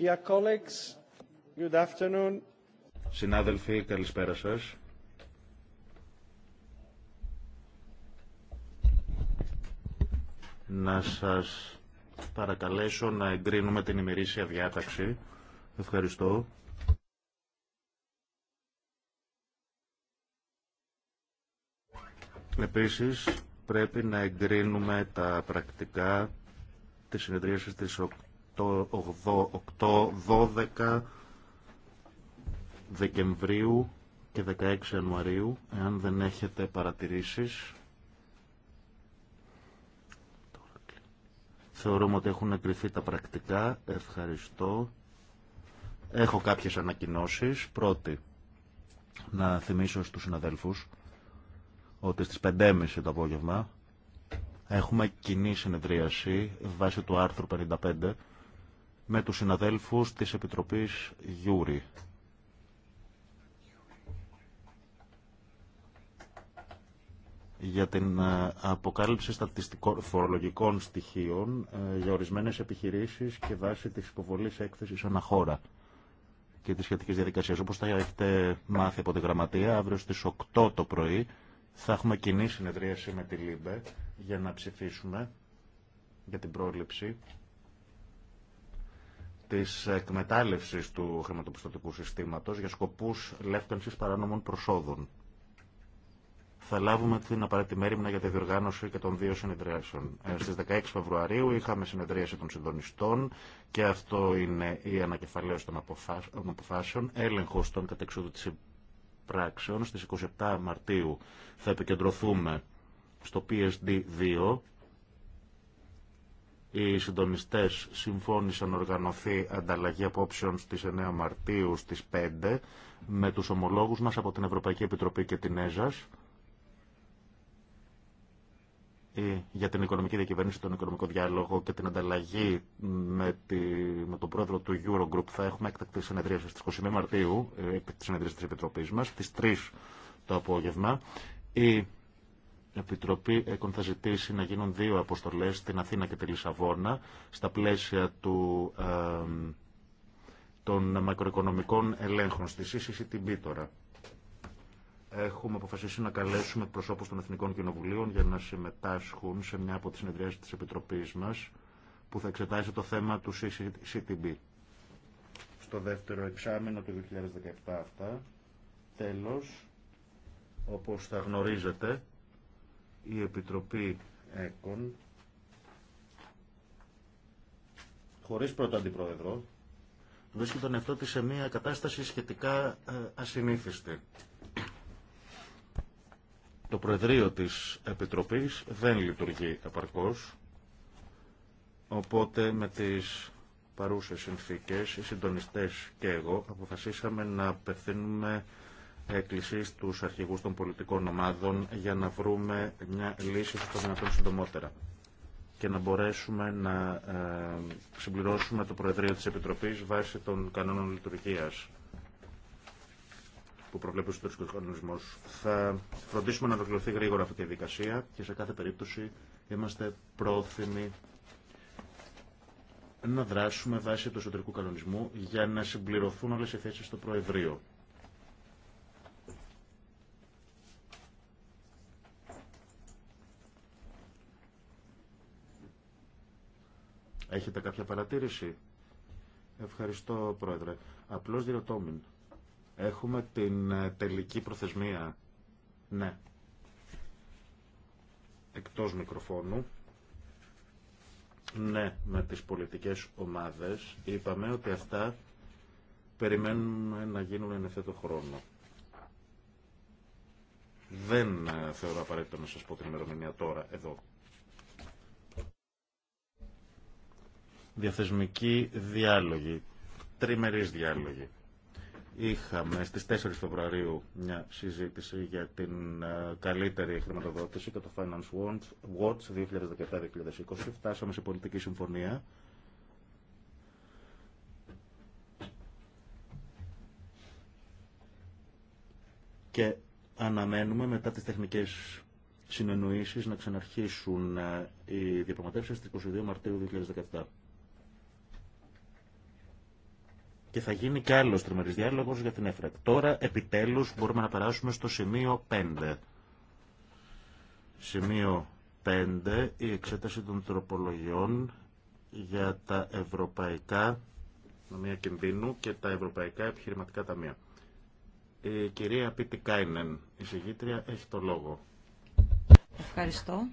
Dear colleagues, good Συνάδελφοι, καλησπέρα σας. Να σας παρακαλέσω να εγκρίνουμε την ημερήσια διάταξη. Ευχαριστώ. Επίσης, πρέπει να εγκρίνουμε τα πρακτικά της συνεδρίασης της 8-12 Δεκεμβρίου και 16 Ιανουαρίου, εάν δεν έχετε παρατηρήσεις. Θεωρούμε ότι έχουν εγκριθεί τα πρακτικά. Ευχαριστώ. Έχω κάποιες ανακοινώσεις. Πρώτη, να θυμίσω στους συναδέλφους ότι στις 5.30 το απόγευμα έχουμε κοινή συνεδρίαση βάσει του άρθρου 55 με τους συναδέλφους της Επιτροπής Γιούρη. για την ε, αποκάλυψη στατιστικών φορολογικών στοιχείων ε, για ορισμένες επιχειρήσεις και βάση της υποβολής έκθεσης αναχώρα και της σχετικής διαδικασίας. Όπως θα έχετε μάθει από τη Γραμματεία, αύριο στις 8 το πρωί θα έχουμε κοινή συνεδρίαση με τη ΛΥΜΠΕ για να ψηφίσουμε για την πρόληψη Τη εκμετάλλευση του χρηματοπιστωτικού συστήματο για σκοπού λεύκανση παράνομων προσόδων. Θα λάβουμε την απαραίτητη μέρημνα για τη διοργάνωση και των δύο συνεδριάσεων. Ε, Στι 16 Φεβρουαρίου είχαμε συνεδρίαση των συντονιστών και αυτό είναι η ανακεφαλαίωση των αποφάσεων, έλεγχος των κατεξόδου τη πράξεων. Στι 27 Μαρτίου θα επικεντρωθούμε στο PSD2 οι συντονιστές συμφώνησαν να οργανωθεί ανταλλαγή απόψεων στις 9 Μαρτίου στις 5 με τους ομολόγους μας από την Ευρωπαϊκή Επιτροπή και την ΕΖΑΣ για την οικονομική διακυβέρνηση, τον οικονομικό διάλογο και την ανταλλαγή με, τη, με τον πρόεδρο του Eurogroup. Θα έχουμε έκτακτη συνεδρία στις 21 Μαρτίου, τη ε, συνεδρία της Επιτροπής μας, στις 3 το απόγευμα. Επιτροπή έχουν θα ζητήσει να γίνουν δύο αποστολές στην Αθήνα και τη Λισαβόνα στα πλαίσια του, ε, των μακροοικονομικών ελέγχων στη CCCTB τώρα. Έχουμε αποφασίσει να καλέσουμε προσώπους των Εθνικών Κοινοβουλίων για να συμμετάσχουν σε μια από τις συνεδριάσεις της Επιτροπής μας που θα εξετάσει το θέμα του CCCTB. Στο δεύτερο εξάμεινο του 2017 αυτά. Τέλος, όπως θα γνωρίζετε, η Επιτροπή ΕΚΟΝ χωρίς πρώτο αντιπρόεδρο βρίσκει τον εαυτό της σε μια κατάσταση σχετικά ε, ασυνήθιστη. Το Προεδρείο της Επιτροπής δεν λειτουργεί επαρκώς, οπότε με τις παρούσες συνθήκες οι συντονιστές και εγώ αποφασίσαμε να απευθύνουμε έκκληση του αρχηγού των πολιτικών ομάδων για να βρούμε μια λύση στο δυνατόν συντομότερα και να μπορέσουμε να ε, συμπληρώσουμε το Προεδρείο της Επιτροπής βάσει των κανόνων λειτουργίας που προβλέπει ο ιστορικό κανονισμό. Θα φροντίσουμε να ολοκληρωθεί γρήγορα αυτή η διαδικασία και σε κάθε περίπτωση είμαστε πρόθυμοι να δράσουμε βάσει του εσωτερικού κανονισμού για να συμπληρωθούν όλε οι θέσει στο Προεδρείο. Έχετε κάποια παρατήρηση. Ευχαριστώ, Πρόεδρε. Απλώς διερωτώμην. Έχουμε την ε, τελική προθεσμία. Ναι. Εκτός μικροφώνου. Ναι, με τις πολιτικές ομάδες. Είπαμε ότι αυτά περιμένουμε να γίνουν εν ευθέτω χρόνο. Δεν ε, θεωρώ απαραίτητο να σας πω την ημερομηνία τώρα, εδώ. Διαθεσμική διάλογοι, τριμερείς διάλογοι. Είχαμε στις 4 Φεβρουαρίου μια συζήτηση για την ε, καλύτερη χρηματοδότηση και το Finance Watch 2017-2020. Φτάσαμε σε πολιτική συμφωνία. Και αναμένουμε μετά τις τεχνικές συνεννοήσεις να ξαναρχίσουν ε, οι διαπραγματεύσεις στις 22 Μαρτίου 2017. και θα γίνει και άλλο τριμερή διάλογος για την ΕΦΡΑΚ. Τώρα επιτέλους μπορούμε να περάσουμε στο σημείο 5. Σημείο 5. Η εξέταση των τροπολογιών για τα ευρωπαϊκά νομία κινδύνου και τα ευρωπαϊκά επιχειρηματικά ταμεία. Η κυρία Πίτη Κάινεν, η συγγήτρια, έχει το λόγο. Ευχαριστώ.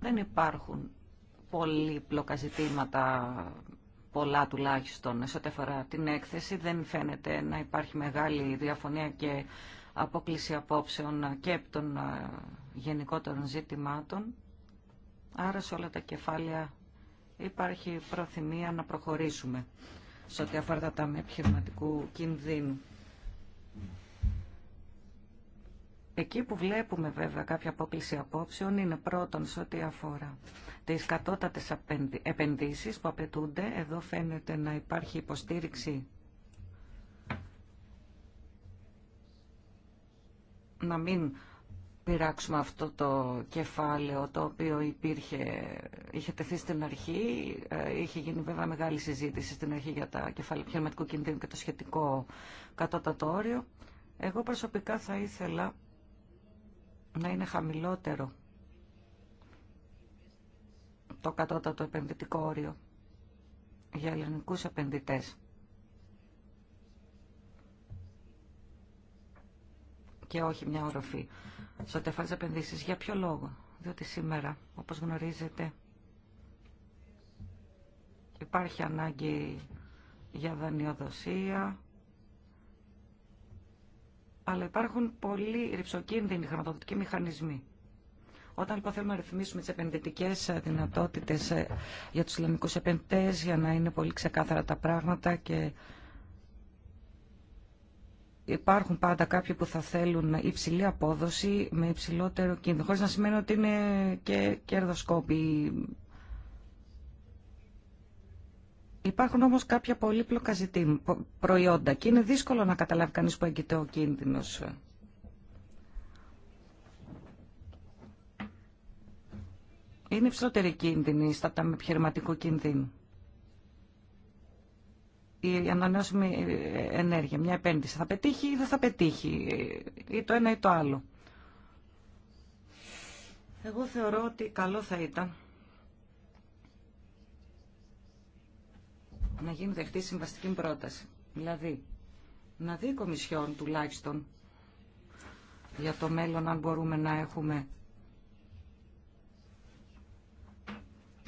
Δεν υπάρχουν πολύπλοκα ζητήματα πολλά τουλάχιστον σε ό,τι αφορά την έκθεση. Δεν φαίνεται να υπάρχει μεγάλη διαφωνία και απόκληση απόψεων και από των ε, γενικότερων ζητημάτων. Άρα σε όλα τα κεφάλια υπάρχει προθυμία να προχωρήσουμε σε ό,τι αφορά τα με επιχειρηματικού κινδύνου. Εκεί που βλέπουμε βέβαια κάποια απόκληση απόψεων είναι πρώτον σε ό,τι αφορά τις κατώτατες επενδύσεις που απαιτούνται. Εδώ φαίνεται να υπάρχει υποστήριξη να μην πειράξουμε αυτό το κεφάλαιο το οποίο υπήρχε, είχε τεθεί στην αρχή. Ε, είχε γίνει βέβαια μεγάλη συζήτηση στην αρχή για τα κεφάλαια επιχειρηματικού κινδύνου και το σχετικό κατώτατο όριο. Εγώ προσωπικά θα ήθελα να είναι χαμηλότερο το κατώτατο επενδυτικό όριο για ελληνικούς επενδυτές. Και όχι μια οροφή. Στο τεφάζ επενδύσεις. Για ποιο λόγο. Διότι σήμερα, όπως γνωρίζετε, υπάρχει ανάγκη για δανειοδοσία, αλλά υπάρχουν πολλοί ρηψοκίνδυνοι χρηματοδοτικοί μηχανισμοί. Όταν λοιπόν θέλουμε να ρυθμίσουμε τι επενδυτικέ ε, δυνατότητε ε, για του Ισλαμικού επενδυτέ, για να είναι πολύ ξεκάθαρα τα πράγματα και υπάρχουν πάντα κάποιοι που θα θέλουν υψηλή απόδοση με υψηλότερο κίνδυνο. Χωρί να σημαίνει ότι είναι και κερδοσκόποι. Υπάρχουν όμως κάποια πολύπλοκα ζητήματα, προϊόντα και είναι δύσκολο να καταλάβει κανείς που έγκυται ο κίνδυνος. Είναι υψηλότερη κίνδυνη στα τα επιχειρηματικού κινδύνου. Η ανανεώσιμη ε, ενέργεια, μια επένδυση, θα πετύχει ή δεν θα πετύχει, ή το ένα ή το άλλο. Εγώ θεωρώ ότι καλό θα ήταν να γίνει δεχτή συμβαστική πρόταση. Δηλαδή, να δει η Κομισιόν τουλάχιστον για το μέλλον αν μπορούμε να έχουμε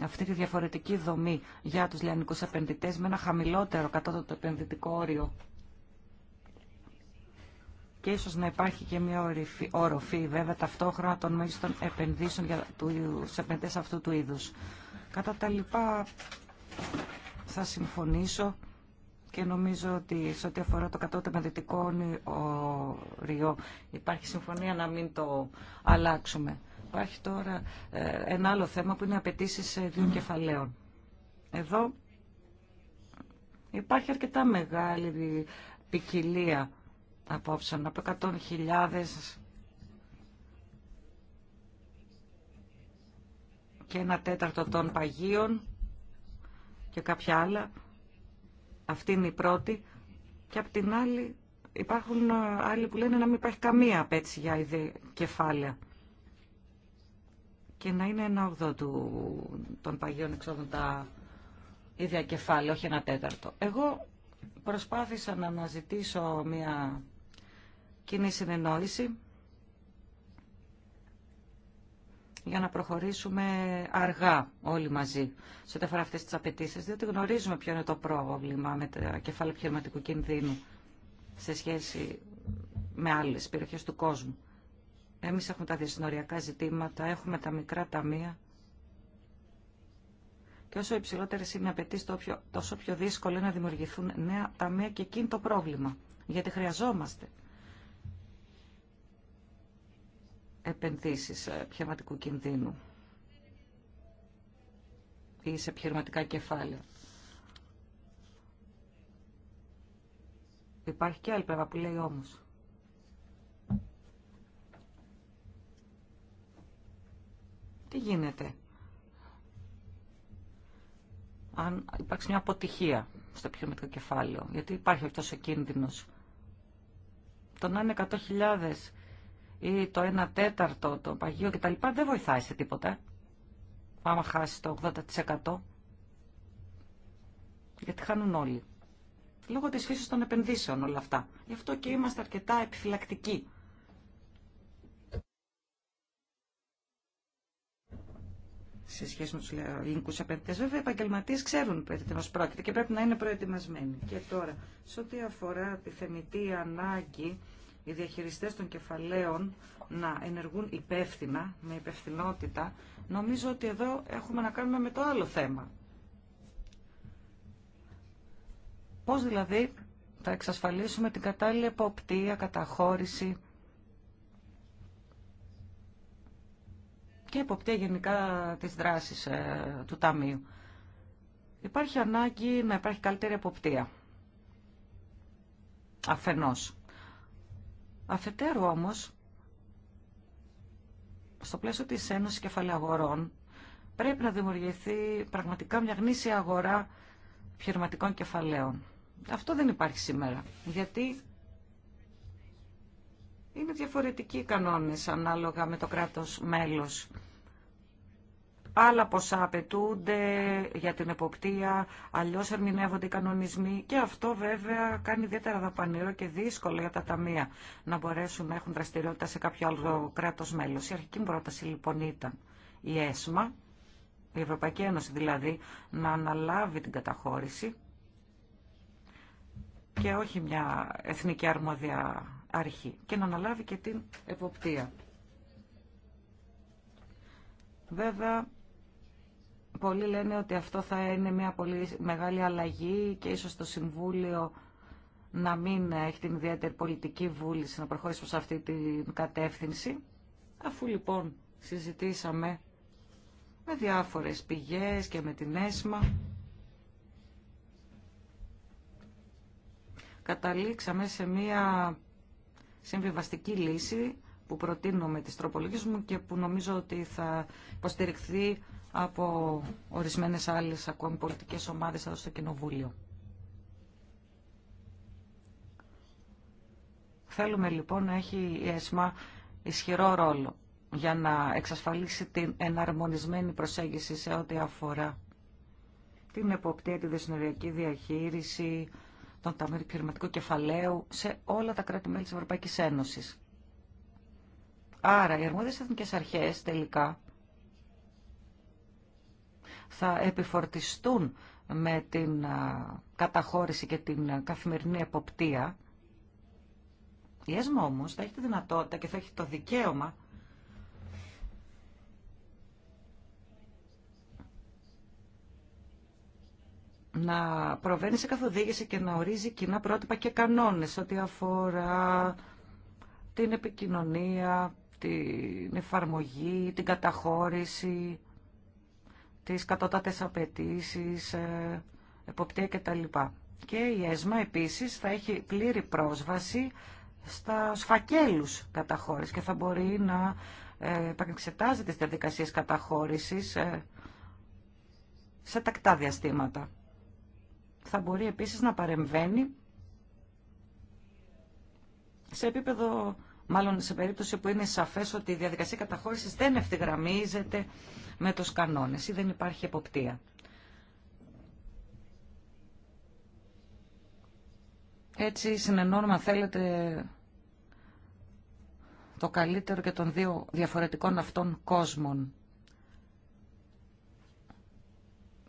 αυτή τη διαφορετική δομή για τους λιανικούς επενδυτές με ένα χαμηλότερο κατώτατο επενδυτικό όριο και ίσως να υπάρχει και μια οροφή βέβαια ταυτόχρονα των μέγιστων επενδύσεων για τους επενδυτές αυτού του είδους. Κατά τα λοιπά θα συμφωνήσω και νομίζω ότι σε ό,τι αφορά το με δυτικό όριο υπάρχει συμφωνία να μην το αλλάξουμε. Υπάρχει τώρα ε, ένα άλλο θέμα που είναι απαιτήσει δύο κεφαλαίων. Εδώ υπάρχει αρκετά μεγάλη ποικιλία απόψεων, από 100.000 και ένα τέταρτο των παγίων και κάποια άλλα. Αυτή είναι η πρώτη. Και απ' την άλλη υπάρχουν ε, άλλοι που λένε να μην υπάρχει καμία απέτηση για ίδια κεφάλαια και να είναι ένα ογδό του, των παγίων εξόδων τα ίδια κεφάλαια, όχι ένα τέταρτο. Εγώ προσπάθησα να αναζητήσω μια κοινή συνεννόηση για να προχωρήσουμε αργά όλοι μαζί σε ό,τι αφορά αυτές τις απαιτήσει, διότι γνωρίζουμε ποιο είναι το πρόβλημα με τα κεφάλαια επιχειρηματικού κινδύνου σε σχέση με άλλες περιοχές του κόσμου. Εμείς έχουμε τα διασυνοριακά ζητήματα, έχουμε τα μικρά ταμεία και όσο υψηλότερε είναι οι απαιτήσει, τόσο πιο δύσκολο είναι να δημιουργηθούν νέα ταμεία και εκείνη το πρόβλημα. Γιατί χρειαζόμαστε επενδύσεις ε, επιχειρηματικού κινδύνου ή σε επιχειρηματικά κεφάλαια. Υπάρχει και άλλη πράγμα που λέει όμως. Τι γίνεται αν υπάρξει μια αποτυχία στο επιχειρηματικό κεφάλαιο, γιατί υπάρχει αυτός ο κίνδυνος. Το να είναι 100.000 ή το 1 τέταρτο, το παγίο κτλ. δεν βοηθάει σε τίποτα. Άμα χάσει το 80%. Γιατί χάνουν όλοι. Λόγω της φύσης των επενδύσεων όλα αυτά. Γι' αυτό και είμαστε αρκετά επιφυλακτικοί. σε σχέση με του ελληνικού επενδυτέ. Βέβαια, οι επαγγελματίε ξέρουν περί τίνο πρόκειται και πρέπει να είναι προετοιμασμένοι. Και τώρα, σε ό,τι αφορά τη θεμητή ανάγκη οι διαχειριστές των κεφαλαίων να ενεργούν υπεύθυνα, με υπευθυνότητα, νομίζω ότι εδώ έχουμε να κάνουμε με το άλλο θέμα. Πώς δηλαδή θα εξασφαλίσουμε την κατάλληλη εποπτεία, καταχώρηση και εποπτεία γενικά της δράσης ε, του Ταμείου. Υπάρχει ανάγκη να υπάρχει καλύτερη εποπτεία. Αφενός. Αφετέρου όμως, στο πλαίσιο της Ένωσης Κεφαλαίου Αγορών, πρέπει να δημιουργηθεί πραγματικά μια γνήσια αγορά πιερματικών κεφαλαίων. Αυτό δεν υπάρχει σήμερα, γιατί είναι διαφορετικοί οι κανόνες ανάλογα με το κράτος μέλος άλλα ποσά απαιτούνται για την εποπτεία, αλλιώς ερμηνεύονται οι κανονισμοί και αυτό βέβαια κάνει ιδιαίτερα δαπανηρό και δύσκολο για τα ταμεία να μπορέσουν να έχουν δραστηριότητα σε κάποιο άλλο κράτος μέλος. Η αρχική μου πρόταση λοιπόν ήταν η ΕΣΜΑ, η Ευρωπαϊκή Ένωση δηλαδή, να αναλάβει την καταχώρηση και όχι μια εθνική αρμόδια αρχή και να αναλάβει και την εποπτεία. Βέβαια, Πολλοί λένε ότι αυτό θα είναι μια πολύ μεγάλη αλλαγή και ίσως το Συμβούλιο να μην έχει την ιδιαίτερη πολιτική βούληση να προχωρήσει προς αυτή την κατεύθυνση. Αφού λοιπόν συζητήσαμε με διάφορες πηγές και με την ΕΣΜΑ, καταλήξαμε σε μια συμβιβαστική λύση που προτείνω με τις τροπολογίες μου και που νομίζω ότι θα υποστηριχθεί από ορισμένες άλλες ακόμη πολιτικές ομάδες εδώ στο Κοινοβούλιο. Θέλουμε λοιπόν να έχει η ΕΣΜΑ ισχυρό ρόλο για να εξασφαλίσει την εναρμονισμένη προσέγγιση σε ό,τι αφορά την εποπτεία, τη δεσμευριακή διαχείριση, τον ταμείο κεφαλαίου σε όλα τα κράτη-μέλη της Ευρωπαϊκής Ένωσης. Άρα οι αρμόδιες εθνικές αρχές τελικά θα επιφορτιστούν με την καταχώρηση και την καθημερινή εποπτεία. Η ΕΣΜΑ όμως θα έχει τη δυνατότητα και θα έχει το δικαίωμα να προβαίνει σε καθοδήγηση και να ορίζει κοινά πρότυπα και κανόνες ό,τι αφορά την επικοινωνία, την εφαρμογή, την καταχώρηση, τις κατώτατες απαιτήσει, ε, εποπτεία κτλ. Και η ΕΣΜΑ επίσης θα έχει πλήρη πρόσβαση στα σφακέλους καταχώρησης και θα μπορεί να ε, επανεξετάζει τις διαδικασίες καταχώρησης ε, σε τακτά διαστήματα. Θα μπορεί επίσης να παρεμβαίνει σε επίπεδο μάλλον σε περίπτωση που είναι σαφές ότι η διαδικασία καταχώρησης δεν ευθυγραμμίζεται με τους κανόνες ή δεν υπάρχει εποπτεία. Έτσι συνενώνουμε, αν θέλετε, το καλύτερο και των δύο διαφορετικών αυτών κόσμων.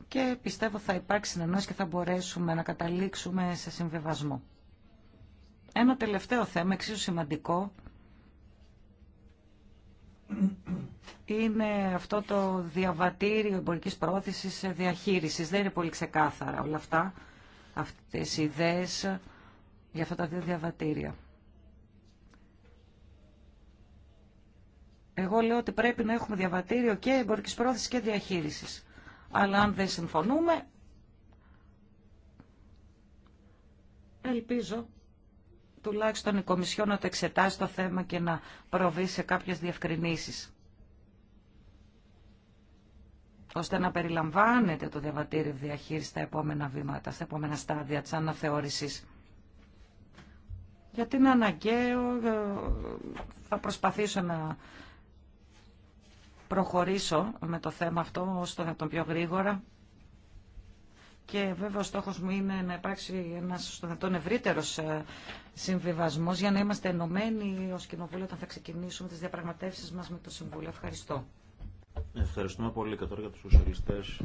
Και πιστεύω θα υπάρξει συνεννόηση και θα μπορέσουμε να καταλήξουμε σε συμβιβασμό. Ένα τελευταίο θέμα, εξίσου σημαντικό, είναι αυτό το διαβατήριο εμπορικής πρόθεσης ε, διαχείρισης. Δεν είναι πολύ ξεκάθαρα όλα αυτά, αυτές οι ιδέες για αυτά τα δύο διαβατήρια. Εγώ λέω ότι πρέπει να έχουμε διαβατήριο και εμπορικής πρόθεσης και διαχείρισης. Αλλά αν δεν συμφωνούμε, ελπίζω τουλάχιστον η Κομισιό να το εξετάσει το θέμα και να προβεί σε κάποιες διευκρινήσεις ώστε να περιλαμβάνεται το διαβατήριο διαχείριση στα επόμενα βήματα, στα επόμενα στάδια της αναθεώρησης. Γιατί είναι αναγκαίο, ε, θα προσπαθήσω να προχωρήσω με το θέμα αυτό ώστε να τον πιο γρήγορα και βέβαια ο στόχος μου είναι να υπάρξει ένας στον δυνατόν ευρύτερος ε, συμβιβασμός για να είμαστε ενωμένοι ως κοινοβούλιο όταν θα ξεκινήσουμε τις διαπραγματεύσεις μας με το Συμβούλιο. Ευχαριστώ. Ευχαριστούμε πολύ και τώρα για τους σοσιαλιστές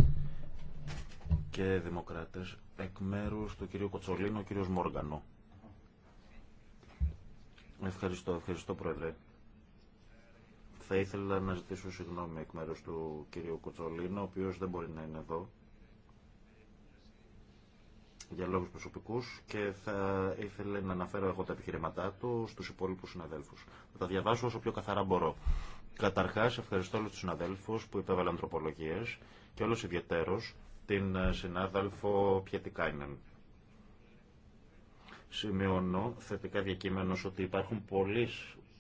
και δημοκράτες εκ μέρου του κυρίου Κοτσολίνου, ο κύριος Μόργανο. Ευχαριστώ, ευχαριστώ πρόεδρε. Θα ήθελα να ζητήσω συγγνώμη εκ μέρους του κυρίου Κοτσολίνου, ο οποίος δεν μπορεί να είναι εδώ για λόγους προσωπικούς και θα ήθελε να αναφέρω εγώ τα επιχειρηματά του στους υπόλοιπους συναδέλφους. Θα τα διαβάσω όσο πιο καθαρά μπορώ. Καταρχάς, ευχαριστώ όλους τους συναδέλφους που υπέβαλαν τροπολογίες και όλος ιδιαιτέρως την ε, συνάδελφο Πιετικάινεν. Σημειώνω θετικά διακείμενος ότι υπάρχουν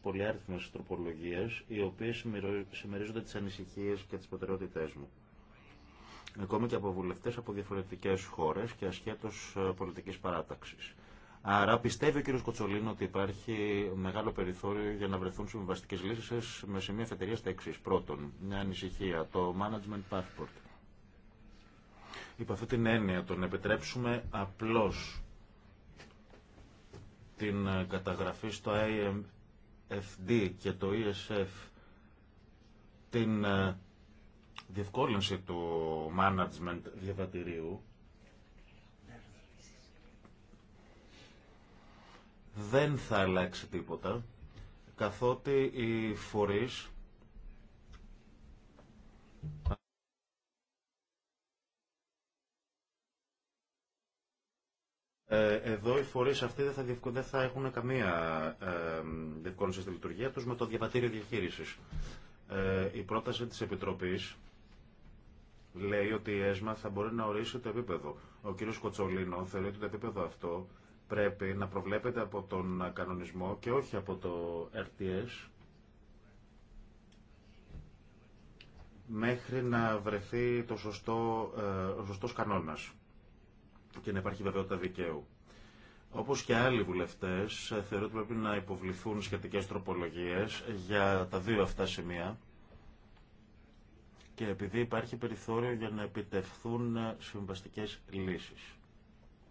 πολλοί άριθμες τροπολογίες οι οποίες συμμερίζονται τις ανησυχίες και τις προτεραιότητές μου ακόμη και από βουλευτέ από διαφορετικέ χώρε και ασχέτω ε, πολιτική παράταξη. Άρα πιστεύει ο κ. Κοτσολίνο ότι υπάρχει μεγάλο περιθώριο για να βρεθούν συμβαστικέ λύσει με σημεία εφετερία τα εξή. Πρώτον, μια ανησυχία, το management passport. Υπό αυτή την έννοια, το επιτρέψουμε απλώ την ε, καταγραφή στο IMFD και το ESF την ε, διευκόλυνση του management διαβατηρίου δεν θα αλλάξει τίποτα, καθότι οι φορείς ε, Εδώ οι φορείς αυτοί δεν θα, δεν θα έχουν καμία ε, διευκόλυνση στη λειτουργία τους με το διαβατήριο διαχείρισης. Ε, η πρόταση της Επιτροπής λέει ότι η ΕΣΜΑ θα μπορεί να ορίσει το επίπεδο. Ο κ. Κοτσολίνο θεωρεί ότι το επίπεδο αυτό πρέπει να προβλέπεται από τον κανονισμό και όχι από το RTS μέχρι να βρεθεί το σωστό, ε, ο σωστός κανόνας και να υπάρχει βεβαιότητα δικαίου. Όπως και άλλοι βουλευτές, θεωρώ ότι πρέπει να υποβληθούν σχετικές τροπολογίες για τα δύο αυτά σημεία και επειδή υπάρχει περιθώριο για να επιτευχθούν συμβαστικές λύσεις,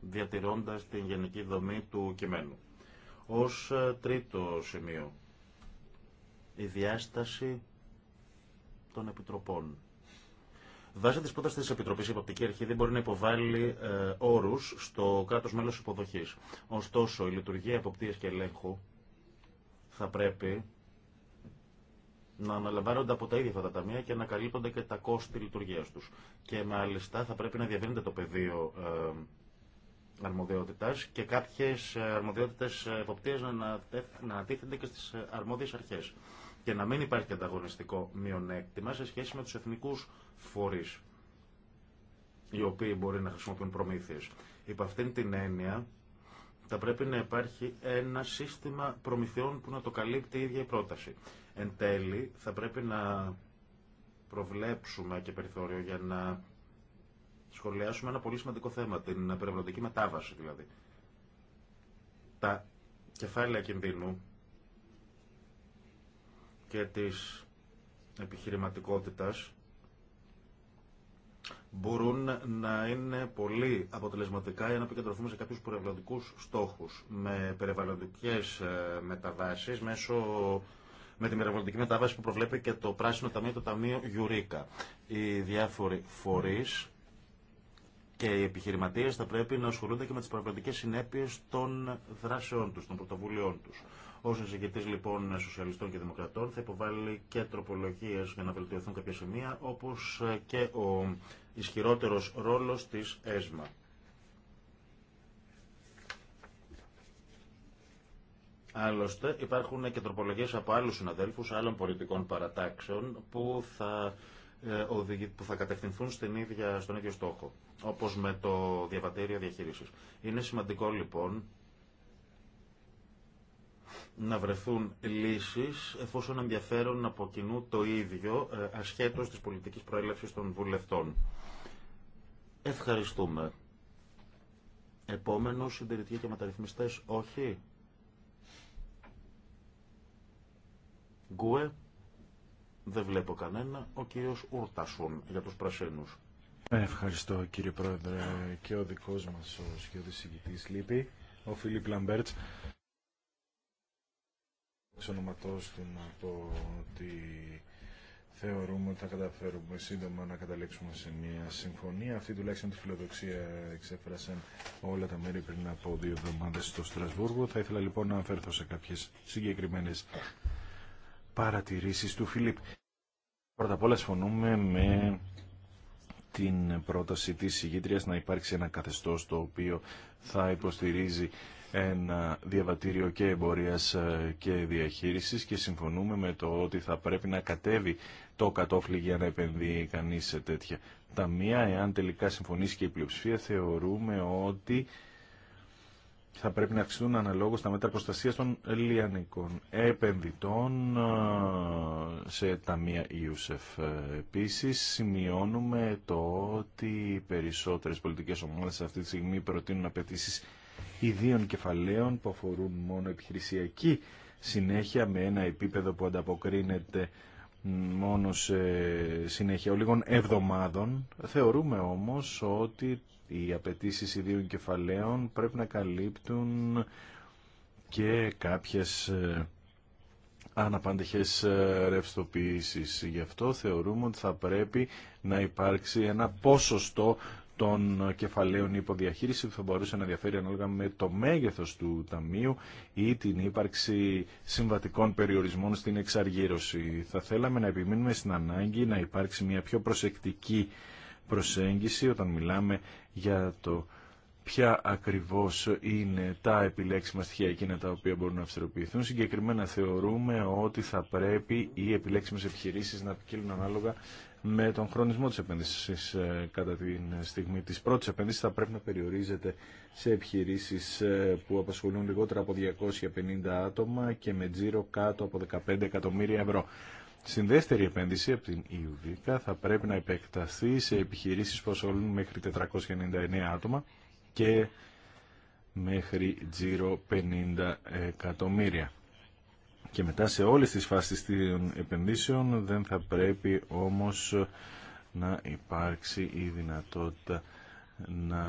διατηρώντας την γενική δομή του κειμένου. Ως ε, τρίτο σημείο, η διάσταση των επιτροπών. Βάσει τη πρόταση τη Επιτροπή, η υποπτική Αρχή δεν μπορεί να υποβάλει ε, όρου στο κράτο μέλο υποδοχή. Ωστόσο, η λειτουργία εποπτεία και ελέγχου θα πρέπει να αναλαμβάνονται από τα ίδια αυτά τα ταμεία και να καλύπτονται και τα κόστη λειτουργία του. Και μάλιστα θα πρέπει να διαβαίνεται το πεδίο ε, αρμοδιότητα και κάποιε αρμοδιότητε ε, εποπτεία να, να, να τίθενται και στι ε, αρμόδιε αρχέ και να μην υπάρχει ανταγωνιστικό μειονέκτημα σε σχέση με τους εθνικούς φορείς οι οποίοι μπορεί να χρησιμοποιούν προμήθειες. Υπ' αυτήν την έννοια θα πρέπει να υπάρχει ένα σύστημα προμηθειών που να το καλύπτει η ίδια η πρόταση. Εν τέλει θα πρέπει να προβλέψουμε και περιθώριο για να σχολιάσουμε ένα πολύ σημαντικό θέμα, την περιβαλλοντική μετάβαση δηλαδή. Τα κεφάλαια κινδύνου και της επιχειρηματικότητας μπορούν να είναι πολύ αποτελεσματικά για να επικεντρωθούμε σε κάποιους περιβαλλοντικούς στόχους με περιβαλλοντικές ε, μεταβάσεις μέσω με την περιβαλλοντική μετάβαση που προβλέπει και το Πράσινο Ταμείο, το Ταμείο Γιουρίκα. Οι διάφοροι φορείς και οι επιχειρηματίε θα πρέπει να ασχολούνται και με τι πραγματικέ συνέπειε των δράσεών του, των πρωτοβουλειών του. Ω εισηγητή λοιπόν Σοσιαλιστών και Δημοκρατών θα υποβάλει και τροπολογίε για να βελτιωθούν κάποια σημεία, όπω ε, και ο ισχυρότερο ρόλο τη ΕΣΜΑ. Άλλωστε υπάρχουν και τροπολογίε από άλλου συναδέλφου άλλων πολιτικών παρατάξεων που θα, ε, που θα κατευθυνθούν στον ίδιο στόχο, όπως με το διαβατήριο διαχείρισης. Είναι σημαντικό λοιπόν να βρεθούν λύσεις εφόσον ενδιαφέρον από κοινού το ίδιο ε, ασχέτως της πολιτικής προέλευσης των βουλευτών. Ευχαριστούμε. επόμενο συντηρητικοί και μεταρρυθμιστές, όχι. Γκουε, δεν βλέπω κανένα, ο κύριος Ούρτασον για τους πρασίνους. Ευχαριστώ κύριε Πρόεδρε και ο δικός μας ο σχεδόν Λίπη, ο Φίλιπ Λαμπέρτς εξ ονοματός του να πω ότι θεωρούμε ότι θα καταφέρουμε σύντομα να καταλήξουμε σε μια συμφωνία. Αυτή τουλάχιστον τη φιλοδοξία εξέφρασαν όλα τα μέρη πριν από δύο εβδομάδες στο Στρασβούργο. Θα ήθελα λοιπόν να αναφέρθω σε κάποιες συγκεκριμένες παρατηρήσεις του Φιλίπ. Πρώτα απ' όλα συμφωνούμε με την πρόταση της ηγήτριας να υπάρξει ένα καθεστώς το οποίο θα υποστηρίζει ένα διαβατήριο και εμπορίας ε, και διαχείρισης και συμφωνούμε με το ότι θα πρέπει να κατέβει το κατόφλι για να επενδύει κανείς σε τέτοια ταμεία. Εάν τελικά συμφωνήσει και η πλειοψηφία θεωρούμε ότι θα πρέπει να αυξηθούν αναλόγως τα μέτρα προστασίας των λιανικών επενδυτών ε, σε ταμεία Ιούσεφ. Ε, επίσης, σημειώνουμε το ότι οι περισσότερες πολιτικές ομάδες αυτή τη στιγμή προτείνουν απαιτήσει ιδίων κεφαλαίων που αφορούν μόνο επιχειρησιακή συνέχεια με ένα επίπεδο που ανταποκρίνεται μόνο σε συνέχεια ολίγων εβδομάδων. Θεωρούμε όμως ότι οι απαιτήσει ιδίων κεφαλαίων πρέπει να καλύπτουν και κάποιες ε, αναπάντεχες ε, ρευστοποιήσεις. Γι' αυτό θεωρούμε ότι θα πρέπει να υπάρξει ένα ποσοστό των κεφαλαίων υποδιαχείριση που θα μπορούσε να διαφέρει ανάλογα με το μέγεθος του Ταμείου ή την ύπαρξη συμβατικών περιορισμών στην εξαργύρωση. Θα θέλαμε να επιμείνουμε στην ανάγκη να υπάρξει μια πιο προσεκτική προσέγγιση όταν μιλάμε για το ποια ακριβώς είναι τα επιλέξιμα στοιχεία εκείνα τα οποία μπορούν να αυστηροποιηθούν. Συγκεκριμένα θεωρούμε ότι θα πρέπει οι επιλέξιμες επιχειρήσεις να ποικίλουν ανάλογα με τον χρονισμό της επένδυσης ε, κατά τη στιγμή της πρώτης επένδυσης θα πρέπει να περιορίζεται σε επιχειρήσεις ε, που απασχολούν λιγότερα από 250 άτομα και με τζίρο κάτω από 15 εκατομμύρια ευρώ. Στην δεύτερη επένδυση από την ΙΟΥΒΙΚΑ θα πρέπει να επεκταθεί σε επιχειρήσεις που ασχολούν μέχρι 499 άτομα και μέχρι τζίρο 50 εκατομμύρια και μετά σε όλες τις φάσεις των επενδύσεων δεν θα πρέπει όμως να υπάρξει η δυνατότητα να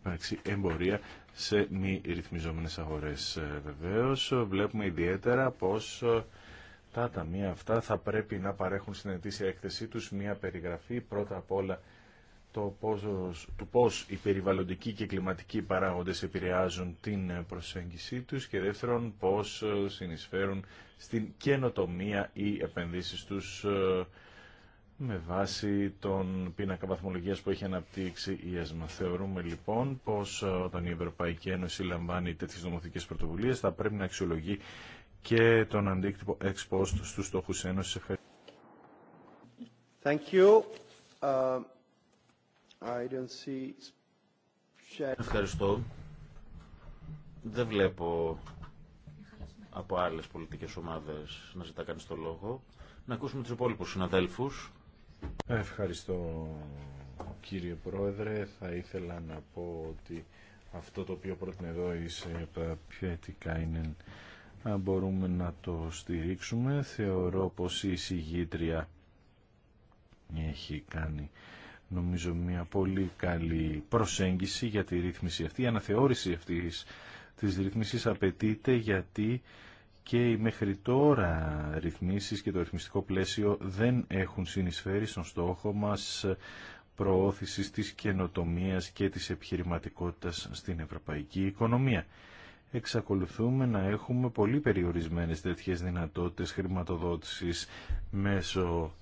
υπάρξει εμπορία σε μη ρυθμιζόμενες αγορές. Βεβαίως βλέπουμε ιδιαίτερα πως τα ταμεία αυτά θα πρέπει να παρέχουν στην ετήσια έκθεσή τους μια περιγραφή πρώτα απ' όλα το πώς, του πώς οι περιβαλλοντικοί και κλιματικοί παράγοντες επηρεάζουν την προσέγγιση τους και δεύτερον πώς ε, συνεισφέρουν στην καινοτομία οι επενδύσεις τους ε, με βάση τον πίνακα βαθμολογίας που έχει αναπτύξει η ΕΣΜΑ. Θεωρούμε λοιπόν πως ε, όταν η Ευρωπαϊκή Ένωση λαμβάνει τέτοιες νομοθετικές πρωτοβουλίες θα πρέπει να αξιολογεί και τον αντίκτυπο ex post στους στόχους Ένωσης. Uh, Ευχαριστώ. Δεν βλέπω από άλλες πολιτικές ομάδες να ζητά κανείς το λόγο. Να ακούσουμε τους υπόλοιπους συναδέλφους. Ευχαριστώ κύριε Πρόεδρε. Θα ήθελα να πω ότι αυτό το οποίο πρότεινε εδώ είσαι σχετικά είναι να μπορούμε να το στηρίξουμε. Θεωρώ πως η συγγήτρια έχει κάνει νομίζω μια πολύ καλή προσέγγιση για τη ρύθμιση αυτή. Η αναθεώρηση αυτής της ρύθμισης απαιτείται γιατί και οι μέχρι τώρα ρυθμίσεις και το ρυθμιστικό πλαίσιο δεν έχουν συνεισφέρει στον στόχο μας προώθησης της καινοτομίας και της επιχειρηματικότητας στην ευρωπαϊκή οικονομία. Εξακολουθούμε να έχουμε πολύ περιορισμένες τέτοιες δυνατότητες χρηματοδότησης μέσω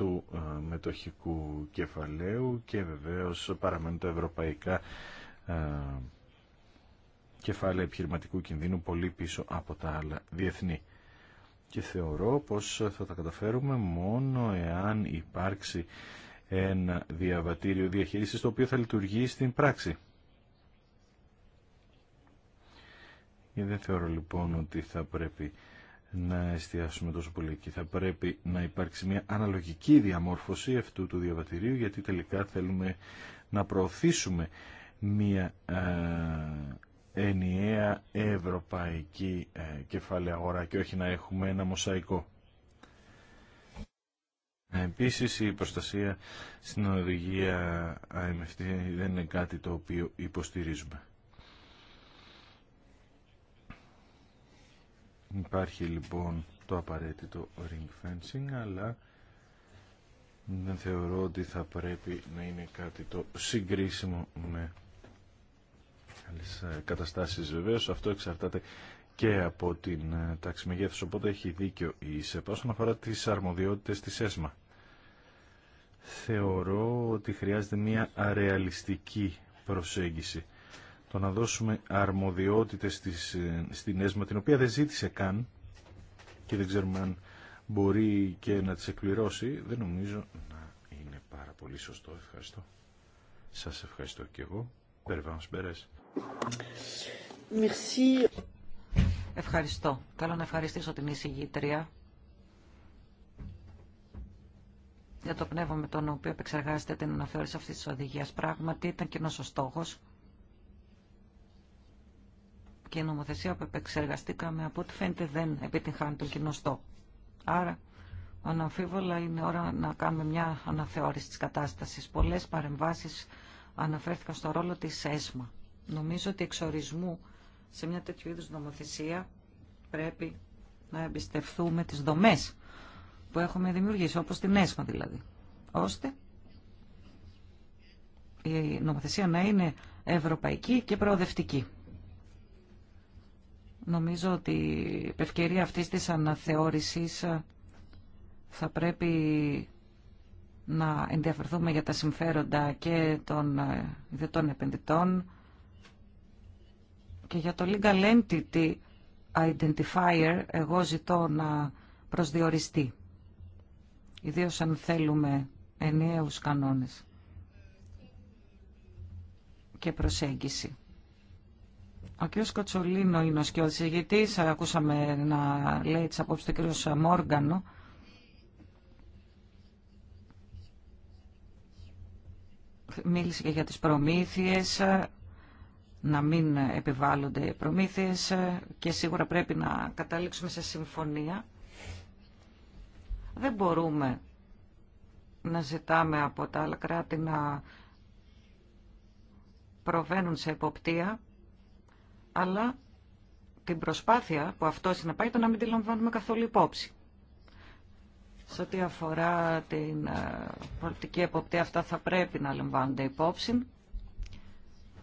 του ε, μετοχικού κεφαλαίου και βεβαίως παραμένουν τα ευρωπαϊκά ε, κεφάλαια επιχειρηματικού κινδύνου πολύ πίσω από τα άλλα διεθνή. Και θεωρώ πως θα τα καταφέρουμε μόνο εάν υπάρξει ένα διαβατήριο διαχείρισης το οποίο θα λειτουργεί στην πράξη. Και δεν θεωρώ λοιπόν ότι θα πρέπει να εστιάσουμε τόσο πολύ εκεί. Θα πρέπει να υπάρξει μια αναλογική διαμόρφωση αυτού του διαβατηρίου γιατί τελικά θέλουμε να προωθήσουμε μια ε, ενιαία ευρωπαϊκή ε, κεφάλαια αγορά και όχι να έχουμε ένα μοσαϊκό. Επίσης η προστασία στην οδηγία δεν είναι κάτι το οποίο υποστηρίζουμε. Υπάρχει λοιπόν το απαραίτητο ring fencing, αλλά δεν θεωρώ ότι θα πρέπει να είναι κάτι το συγκρίσιμο με άλλες ε, καταστάσεις βεβαίως. Αυτό εξαρτάται και από την ε, τάξη μεγέθους, οπότε έχει δίκιο η ΣΕΠΑ όσον αφορά τις αρμοδιότητες της ΕΣΜΑ. Θεωρώ ότι χρειάζεται μια αρεαλιστική προσέγγιση το να δώσουμε αρμοδιότητες στις, ε, στην ΕΣΜΑ, την οποία δεν ζήτησε καν και δεν ξέρουμε αν μπορεί και να τις εκπληρώσει, δεν νομίζω να είναι πάρα πολύ σωστό. Ευχαριστώ. Σας ευχαριστώ και εγώ. Περβάμος Μπερές. Ευχαριστώ. Θέλω να ευχαριστήσω την εισηγήτρια για το πνεύμα με τον οποίο επεξεργάζεται την αναθεώρηση αυτής της οδηγίας. Πράγματι ήταν κοινός ο στόχος και η νομοθεσία που επεξεργαστήκαμε από ό,τι φαίνεται δεν επιτυγχάνει τον κοινό Άρα, αναμφίβολα είναι ώρα να κάνουμε μια αναθεώρηση της κατάστασης. Πολλές παρεμβάσεις αναφέρθηκαν στο ρόλο της ΕΣΜΑ. Νομίζω ότι εξορισμού σε μια τέτοιου είδους νομοθεσία πρέπει να εμπιστευτούμε τις δομές που έχουμε δημιουργήσει, όπως την ΕΣΜΑ δηλαδή, ώστε η νομοθεσία να είναι ευρωπαϊκή και προοδευτική. Νομίζω ότι η ευκαιρία αυτής της αναθεώρησης θα πρέπει να ενδιαφερθούμε για τα συμφέροντα και των ιδιωτών ε, επενδυτών και για το legal entity identifier εγώ ζητώ να προσδιοριστεί ιδίως αν θέλουμε ενιαίους κανόνες και προσέγγιση ο κ. Κοτσολίνο είναι ο σκιώδης ηγητής, ακούσαμε να λέει τις απόψεις του κ. Μόργανο. Μίλησε και για τις προμήθειες, να μην επιβάλλονται προμήθειες και σίγουρα πρέπει να καταλήξουμε σε συμφωνία. Δεν μπορούμε να ζητάμε από τα άλλα κράτη να προβαίνουν σε εποπτεία αλλά την προσπάθεια που αυτό συνεπάγεται να μην τη λαμβάνουμε καθόλου υπόψη. Σε ό,τι αφορά την ε, πολιτική εποπτεία, αυτά θα πρέπει να λαμβάνονται υπόψη.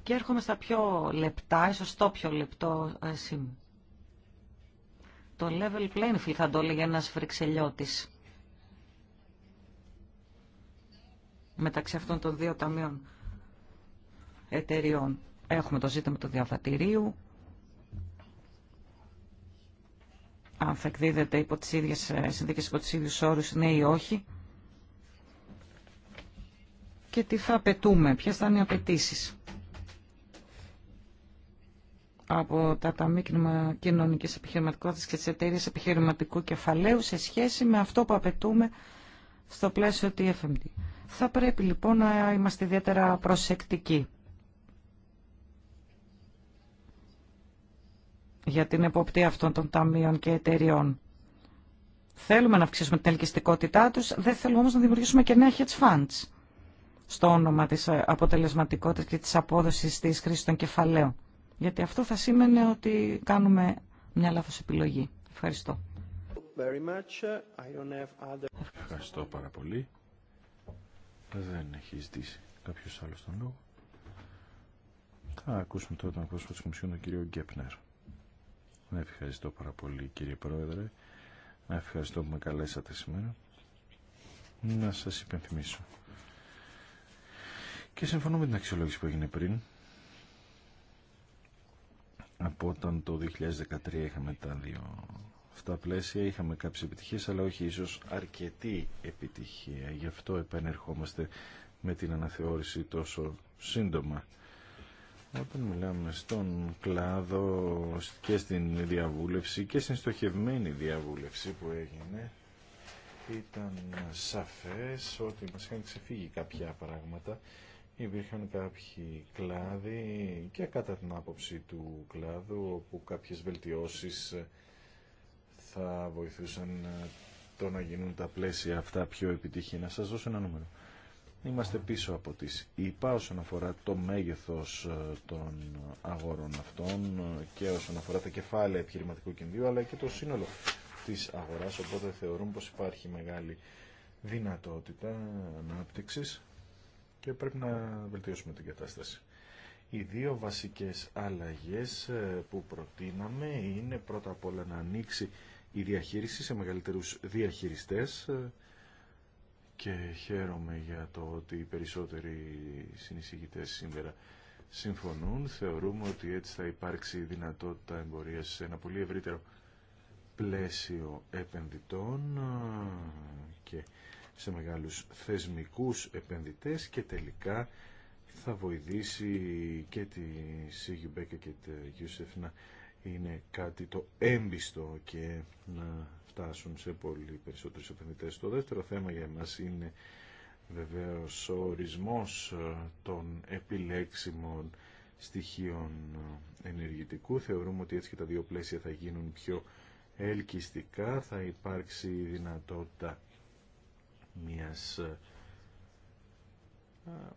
Και έρχομαι στα πιο λεπτά, ίσως το πιο λεπτό ε, σήμερα. Το level playing field θα το έλεγε ένας φρυξελιώτης. Μεταξύ αυτών των δύο ταμείων εταιριών. Έχουμε το ζήτημα του διαβατηρίου. Αν θα εκδίδεται υπό τις ίδιες ε, συνθήκες, υπό τους ίδιους όρους, ναι ή όχι. Και τι θα απαιτούμε, ποιες θα είναι οι απαιτήσει από τα ταμίκνυμα Κοινωνικής Επιχειρηματικότητας και τις εταιρείες επιχειρηματικού κεφαλαίου σε σχέση με αυτό που απαιτούμε στο πλαίσιο TFMD. Θα πρέπει λοιπόν να είμαστε ιδιαίτερα προσεκτικοί για την εποπτεία αυτών των ταμείων και εταιριών. Θέλουμε να αυξήσουμε την ελκυστικότητά τους, δεν θέλουμε όμως να δημιουργήσουμε και νέα hedge funds στο όνομα της αποτελεσματικότητας και της απόδοσης της χρήση των κεφαλαίων. Γιατί αυτό θα σήμαινε ότι κάνουμε μια λάθος επιλογή. Ευχαριστώ. Ευχαριστώ πάρα πολύ. Δεν έχει ζητήσει κάποιος άλλο τον λόγο. Θα ακούσουμε τώρα τον πρόσφατο της Κομισιόν, τον κύριο Γκέπνερ. Να Ευχαριστώ πάρα πολύ κύριε Πρόεδρε. Ευχαριστώ που με καλέσατε σήμερα. Να σας υπενθυμίσω. Και συμφωνώ με την αξιολόγηση που έγινε πριν. Από όταν το 2013 είχαμε τα δύο αυτά πλαίσια, είχαμε κάποιες επιτυχίες, αλλά όχι ίσως αρκετή επιτυχία. Γι' αυτό επανερχόμαστε με την αναθεώρηση τόσο σύντομα. Όταν μιλάμε στον κλάδο και στην διαβούλευση και στην στοχευμένη διαβούλευση που έγινε ήταν σαφές ότι μας είχαν ξεφύγει κάποια πράγματα υπήρχαν κάποιοι κλάδοι και κατά την άποψη του κλάδου όπου κάποιες βελτιώσεις θα βοηθούσαν το να γίνουν τα πλαίσια αυτά πιο επιτυχή. Να σας δώσω ένα νούμερο. Είμαστε πίσω από τις ΙΠΑ όσον αφορά το μέγεθος ε, των αγορών αυτών ε, και όσον αφορά τα κεφάλαια επιχειρηματικού κινδύου αλλά και το σύνολο της αγοράς οπότε θεωρούν πως υπάρχει μεγάλη δυνατότητα ανάπτυξης και πρέπει να βελτιώσουμε την κατάσταση. Οι δύο βασικές αλλαγές ε, που προτείναμε είναι πρώτα απ' όλα να ανοίξει η διαχείριση σε μεγαλύτερους διαχειριστές και χαίρομαι για το ότι οι περισσότεροι συνεισηγητές σήμερα συμφωνούν. Θεωρούμε ότι έτσι θα υπάρξει δυνατότητα εμπορίας σε ένα πολύ ευρύτερο πλαίσιο επενδυτών και σε μεγάλους θεσμικούς επενδυτές και τελικά θα βοηθήσει και τη Σίγιου και τη Γιούσεφ να είναι κάτι το έμπιστο και να φτάσουν σε πολύ περισσότερους επενδυτές. Το δεύτερο θέμα για μας είναι βεβαίως ο ορισμός ε, των επιλέξιμων στοιχείων ε, ενεργητικού. Θεωρούμε ότι έτσι και τα δύο πλαίσια θα γίνουν πιο ελκυστικά. Θα υπάρξει η δυνατότητα μιας ε,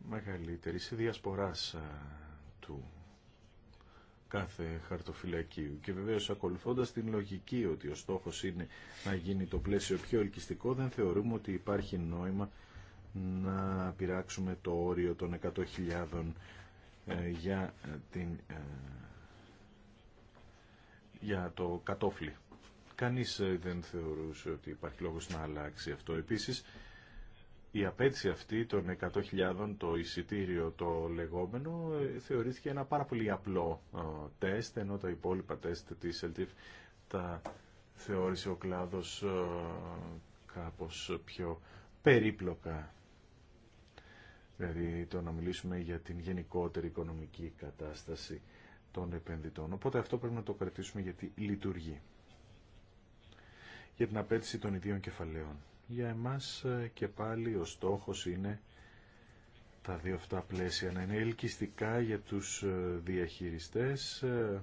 μεγαλύτερης διασποράς του κάθε χαρτοφυλακίου. Και βεβαίως ακολουθώντας την λογική ότι ο στόχος είναι να γίνει το πλαίσιο πιο ελκυστικό, δεν θεωρούμε ότι υπάρχει νόημα να πειράξουμε το όριο των 100.000 ε, για, ε, ε, για το κατόφλι. Κανείς δεν θεωρούσε ότι υπάρχει λόγος να αλλάξει αυτό. Επίσης, η απέτηση αυτή των 100.000, το εισιτήριο το λεγόμενο, ε, θεωρήθηκε ένα πάρα πολύ απλό ε, τεστ, ενώ τα υπόλοιπα τεστ της ΕΛΤΙΦ τα θεώρησε ο κλάδος ε, κάπως πιο περίπλοκα. Δηλαδή το να μιλήσουμε για την γενικότερη οικονομική κατάσταση των επενδυτών. Οπότε αυτό πρέπει να το κρατήσουμε γιατί λειτουργεί. Για την απέτηση των ιδίων κεφαλαίων. Για εμάς ε, και πάλι ο στόχος είναι τα δύο αυτά πλαίσια να είναι ελκυστικά για τους ε, διαχειριστές ε,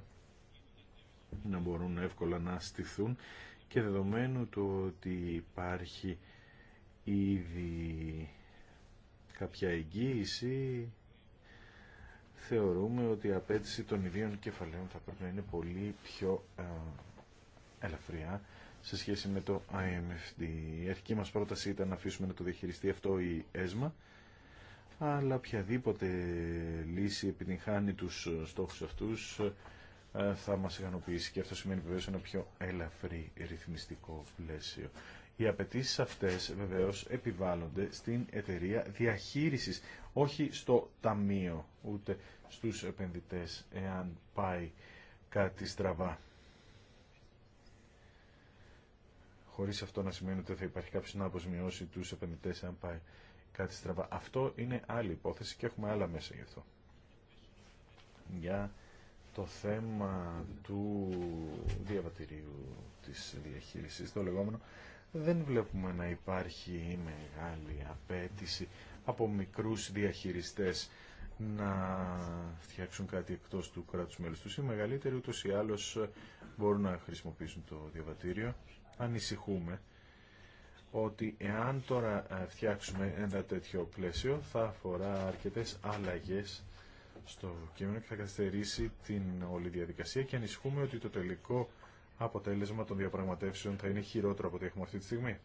να μπορούν εύκολα να στηθούν και δεδομένου του ότι υπάρχει ήδη κάποια εγγύηση θεωρούμε ότι η απέτηση των ιδίων κεφαλαίων θα πρέπει να είναι πολύ πιο ελαφριά σε σχέση με το IMFD. Η αρχική μας πρόταση ήταν να αφήσουμε να το διαχειριστεί αυτό η ΕΣΜΑ, αλλά οποιαδήποτε λύση επιτυγχάνει τους στόχους αυτούς ε, θα μας ικανοποιήσει και αυτό σημαίνει βεβαίως ένα πιο ελαφρύ ρυθμιστικό πλαίσιο. Οι απαιτήσει αυτές βεβαίως επιβάλλονται στην εταιρεία διαχείρισης, όχι στο ταμείο, ούτε στους επενδυτές εάν πάει κάτι στραβά. Χωρί αυτό να σημαίνει ότι θα υπάρχει κάποιο να αποσμειώσει του επενδυτέ αν πάει κάτι στραβά. Αυτό είναι άλλη υπόθεση και έχουμε άλλα μέσα γι' αυτό. Για το θέμα του διαβατηρίου της διαχείρισης, το λεγόμενο, δεν βλέπουμε να υπάρχει μεγάλη απέτηση από μικρούς διαχειριστές να φτιάξουν κάτι εκτός του κράτου μέλους τους. Οι μεγαλύτεροι ή άλλως μπορούν να χρησιμοποιήσουν το διαβατήριο ανησυχούμε ότι εάν τώρα ε, φτιάξουμε ένα τέτοιο πλαίσιο θα αφορά αρκετές αλλαγές στο κείμενο και θα καθυστερήσει την όλη διαδικασία και ανησυχούμε ότι το τελικό αποτέλεσμα των διαπραγματεύσεων θα είναι χειρότερο από ό,τι έχουμε αυτή τη στιγμή.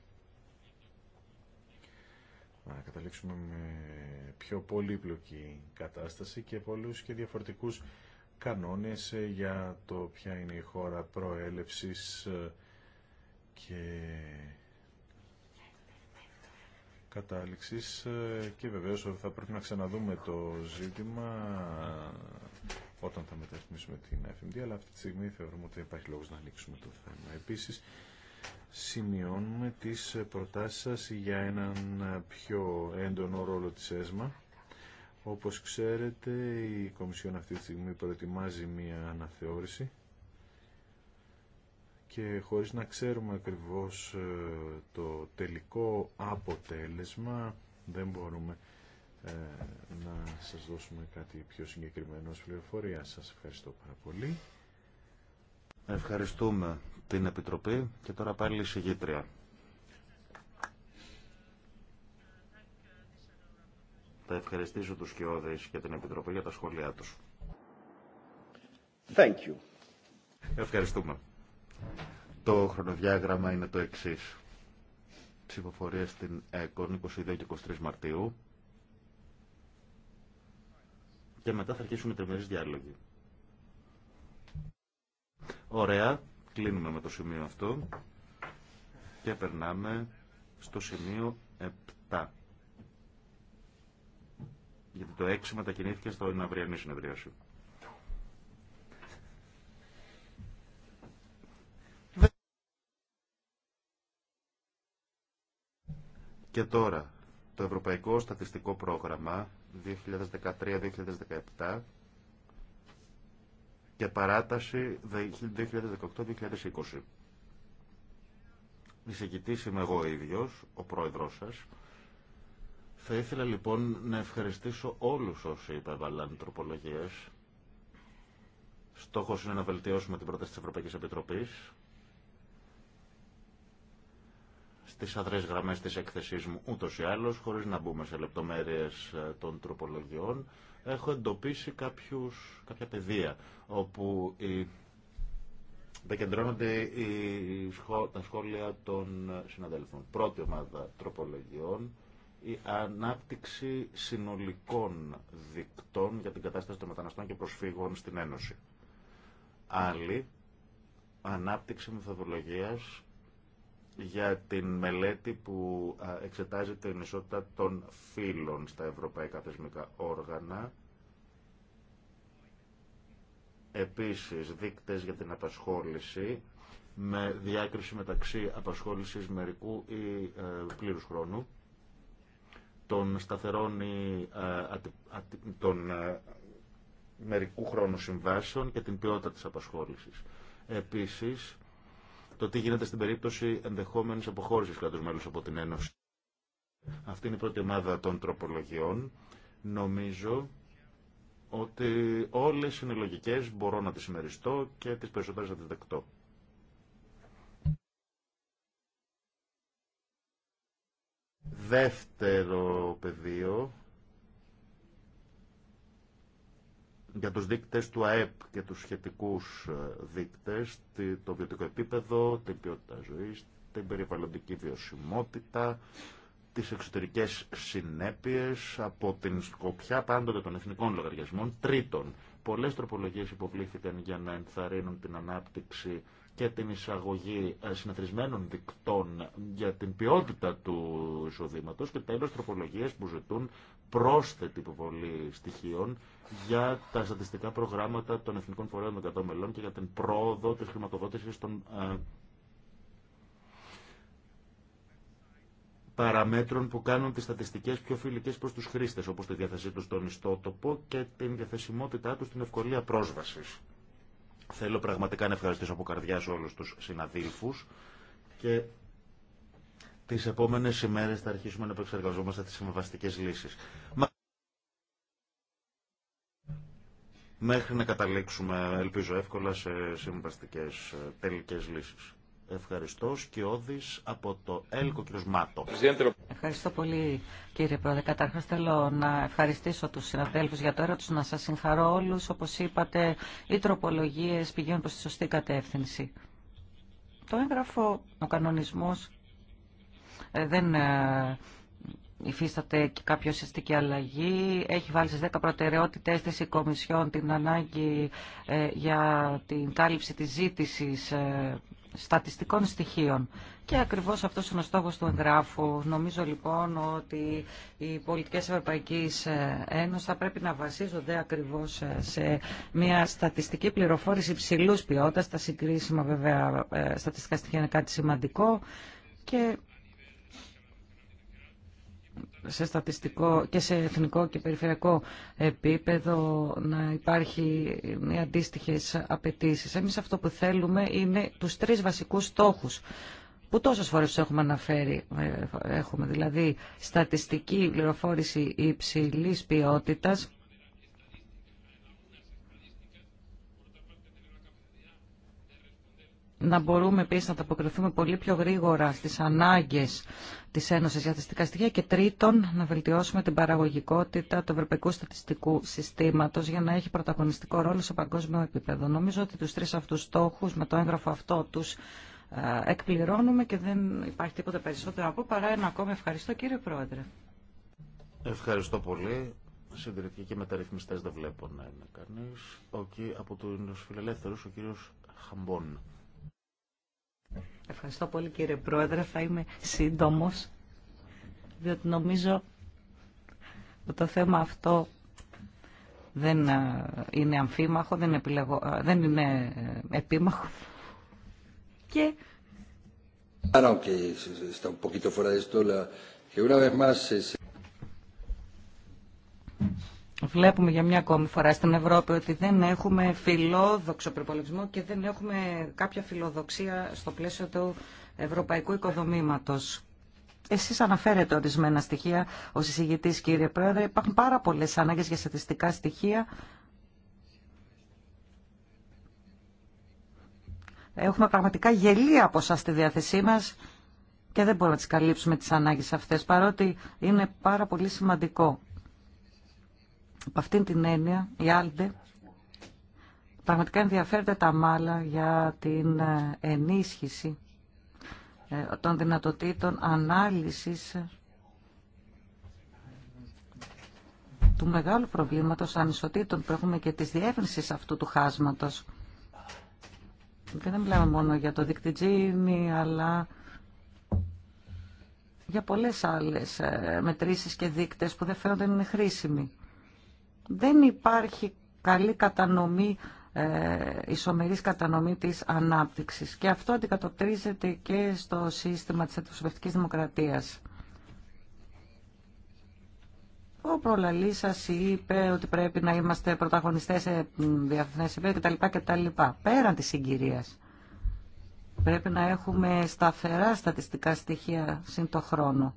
Να καταλήξουμε με πιο πολύπλοκη κατάσταση και πολλούς και διαφορετικούς κανόνες ε, για το ποια είναι η χώρα προέλευσης ε, και κατάληξης και βεβαίως θα πρέπει να ξαναδούμε το ζήτημα όταν θα μεταρρυθμίσουμε την FMD, αλλά αυτή τη στιγμή θεωρούμε ότι υπάρχει λόγος να ανοίξουμε το θέμα. Επίσης, σημειώνουμε τις προτάσεις σας για έναν πιο έντονο ρόλο της ΕΣΜΑ. Όπως ξέρετε, η Κομισιόν αυτή τη στιγμή προετοιμάζει μία αναθεώρηση και χωρίς να ξέρουμε ακριβώς ε, το τελικό αποτέλεσμα δεν μπορούμε ε, να σας δώσουμε κάτι πιο συγκεκριμένο ως πληροφορία. Σας ευχαριστώ πάρα πολύ. Ευχαριστούμε την Επιτροπή και τώρα πάλι η Συγήτρια. Θα ευχαριστήσω τους Κιώδης και την Επιτροπή για τα σχόλιά τους. Thank you. Ευχαριστούμε. Το χρονοδιάγραμμα είναι το εξή. Ψηφοφορία στην ΕΚΟΝ 22 και 23 Μαρτίου. Και μετά θα αρχίσουν οι τριμερείς διάλογοι. Ωραία. Κλείνουμε με το σημείο αυτό. Και περνάμε στο σημείο 7. Γιατί το 6 μετακινήθηκε στο αυριανή συνεδρίαση. Και τώρα, το Ευρωπαϊκό Στατιστικό Πρόγραμμα 2013-2017 και παράταση 2018-2020. Δισεκητής είμαι εγώ ίδιος, ο πρόεδρός σας. Θα ήθελα λοιπόν να ευχαριστήσω όλους όσοι υπέβαλαν τροπολογίες. Στόχος είναι να βελτιώσουμε την πρόταση της Ευρωπαϊκής Επιτροπής στις αδρές γραμμές της έκθεσής μου ούτως ή άλλως, χωρίς να μπούμε σε λεπτομέρειες ε, των τροπολογιών, έχω εντοπίσει κάποιους, κάποια πεδία όπου οι, δεκεντρώνονται οι, τα σχόλια των συναδέλφων. Πρώτη ομάδα τροπολογιών, η ανάπτυξη συνολικών δικτών για την κατάσταση των μεταναστών και προσφύγων στην Ένωση. Άλλη, ανάπτυξη μεθοδολογίας για την μελέτη που εξετάζει την ισότητα των φύλων στα ευρωπαϊκά θεσμικά όργανα. Επίσης, δείκτες για την απασχόληση με διάκριση μεταξύ απασχόλησης μερικού ή ε, πλήρους χρόνου, των σταθερών ή ε, των ε, μερικού χρόνου συμβάσεων και την ποιότητα της απασχόλησης. Επίσης, το τι γίνεται στην περίπτωση ενδεχόμενης αποχώρησης κράτους μέλους από την Ένωση. Αυτή είναι η πρώτη ομάδα των τροπολογιών. Νομίζω ότι όλες είναι λογικές, μπορώ να τις συμμεριστώ και τις περισσότερες να τις δεκτώ. Δεύτερο πεδίο για τους δείκτες του ΑΕΠ και τους σχετικούς ε, δείκτες, το βιωτικό επίπεδο, την ποιότητα ζωής, την περιβαλλοντική βιωσιμότητα, τις εξωτερικές συνέπειες από την σκοπιά πάντοτε των εθνικών λογαριασμών. Τρίτον, πολλές τροπολογίες υποβλήθηκαν για να ενθαρρύνουν την ανάπτυξη και την εισαγωγή ε, συναθρισμένων δικτών για την ποιότητα του εισοδήματος και τέλος τροπολογίες που ζητούν πρόσθετη υποβολή στοιχείων για τα στατιστικά προγράμματα των Εθνικών Φορέων των και για την πρόοδο της χρηματοδότησης των ε, παραμέτρων που κάνουν τις στατιστικές πιο φιλικές προς τους χρήστες, όπως τη διάθεσή του στον ιστότοπο και την διαθεσιμότητά τους στην ευκολία πρόσβασης. Θέλω πραγματικά να ευχαριστήσω από καρδιάς όλους τους συναδέλφους και τις επόμενες ημέρες θα αρχίσουμε να επεξεργαζόμαστε τις συμβαστικές λύσεις. Μέχρι να καταλήξουμε, ελπίζω εύκολα, σε συμβαστικέ ε, τελικές λύσεις. Ευχαριστώ. Σκιώδης από το ΕΛΚΟ, Ευχαριστώ πολύ, κύριε Πρόεδρε. Καταρχάς, θέλω να ευχαριστήσω του συναδέλφου για το έργο να σα συγχαρώ όλου. Όπω είπατε, οι τροπολογίε πηγαίνουν προ τη σωστή κατεύθυνση. Το έγγραφο, ο κανονισμό ε, δεν ε, υφίσταται και κάποια ουσιαστική αλλαγή. Έχει βάλει στις 10 προτεραιότητες της Κομισιόν την ανάγκη ε, για την κάλυψη της ζήτησης στατιστικών στοιχείων. Και ακριβώς αυτός είναι ο στόχος του εγγράφου. Νομίζω λοιπόν ότι οι πολιτικές Ευρωπαϊκής ε, Ένωση θα πρέπει να βασίζονται ακριβώς ε, σε μια στατιστική πληροφόρηση υψηλού ποιότητας. Τα συγκρίσιμα βέβαια ε, στατιστικά στοιχεία είναι κάτι σημαντικό και σε στατιστικό και σε εθνικό και περιφερειακό επίπεδο να υπάρχει μια αντίστοιχε απαιτήσει. Εμεί αυτό που θέλουμε είναι τους τρεις βασικούς στόχους που τόσε φορές του έχουμε αναφέρει. Ε, έχουμε δηλαδή στατιστική πληροφόρηση υψηλή ποιότητα. να μπορούμε επίση να ανταποκριθούμε πολύ πιο γρήγορα στις ανάγκες της Ένωσης για τα στοιχεία και τρίτον να βελτιώσουμε την παραγωγικότητα του Ευρωπαϊκού Στατιστικού Συστήματος για να έχει πρωταγωνιστικό ρόλο σε παγκόσμιο επίπεδο. Νομίζω ότι τους τρεις αυτούς στόχους με το έγγραφο αυτό τους ε, εκπληρώνουμε και δεν υπάρχει τίποτα περισσότερο από παρά ένα ακόμα ευχαριστώ κύριε Πρόεδρε. Ευχαριστώ πολύ. Συντηρητικοί και μεταρρυθμιστές δεν βλέπω να είναι κανείς. Ο, από τους φιλελεύθερους ο κύριος Χαμπών. Ευχαριστώ πολύ κύριε Πρόεδρε. Θα είμαι σύντομος, διότι νομίζω ότι το θέμα αυτό δεν είναι αμφίμαχο, δεν, επιλεγω... δεν είναι επίμαχο. Και... Βλέπουμε για μια ακόμη φορά στην Ευρώπη ότι δεν έχουμε φιλόδοξο προπολογισμό και δεν έχουμε κάποια φιλοδοξία στο πλαίσιο του ευρωπαϊκού οικοδομήματος. Εσείς αναφέρετε ορισμένα στοιχεία ως εισηγητής κύριε Πρόεδρε. Υπάρχουν πάρα πολλές ανάγκες για στατιστικά στοιχεία. Έχουμε πραγματικά γελία από εσάς στη διάθεσή μας και δεν μπορούμε να τις καλύψουμε τις ανάγκες αυτές παρότι είναι πάρα πολύ σημαντικό από αυτήν την έννοια, η Άλντε πραγματικά ενδιαφέρεται τα μάλα για την ε, ενίσχυση ε, των δυνατοτήτων ανάλυσης του μεγάλου προβλήματος ανισοτήτων που έχουμε και της διεύρυνσης αυτού του χάσματος. Και δεν μιλάμε μόνο για το δίκτυ αλλά για πολλές άλλες ε, μετρήσεις και δείκτες που δεν φαίνονται να είναι χρήσιμοι δεν υπάρχει καλή κατανομή, ε, ισομερής κατανομή της ανάπτυξης. Και αυτό αντικατοπτρίζεται και στο σύστημα της αντιπροσωπευτικής δημοκρατίας. Ο προλαλή σα είπε ότι πρέπει να είμαστε πρωταγωνιστέ σε διεθνέ επίπεδο κτλ. Πέραν τη συγκυρία. Πρέπει να έχουμε σταθερά στατιστικά στοιχεία συν το χρόνο.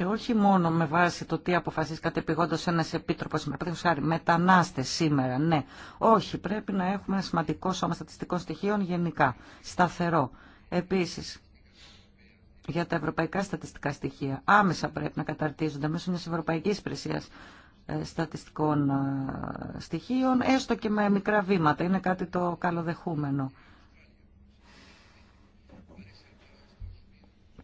Και όχι μόνο με βάση το τι αποφασίζει κατεπηγόντω ένα επίτροπο σήμερα. χάρη, μετανάστε σήμερα, ναι. Όχι, πρέπει να έχουμε ένα σημαντικό σώμα στατιστικών στοιχείων γενικά. Σταθερό. Επίση, για τα ευρωπαϊκά στατιστικά στοιχεία. Άμεσα πρέπει να καταρτίζονται μέσω μια ευρωπαϊκή υπηρεσία ε, στατιστικών ε, στοιχείων, έστω και με μικρά βήματα. Είναι κάτι το καλοδεχούμενο.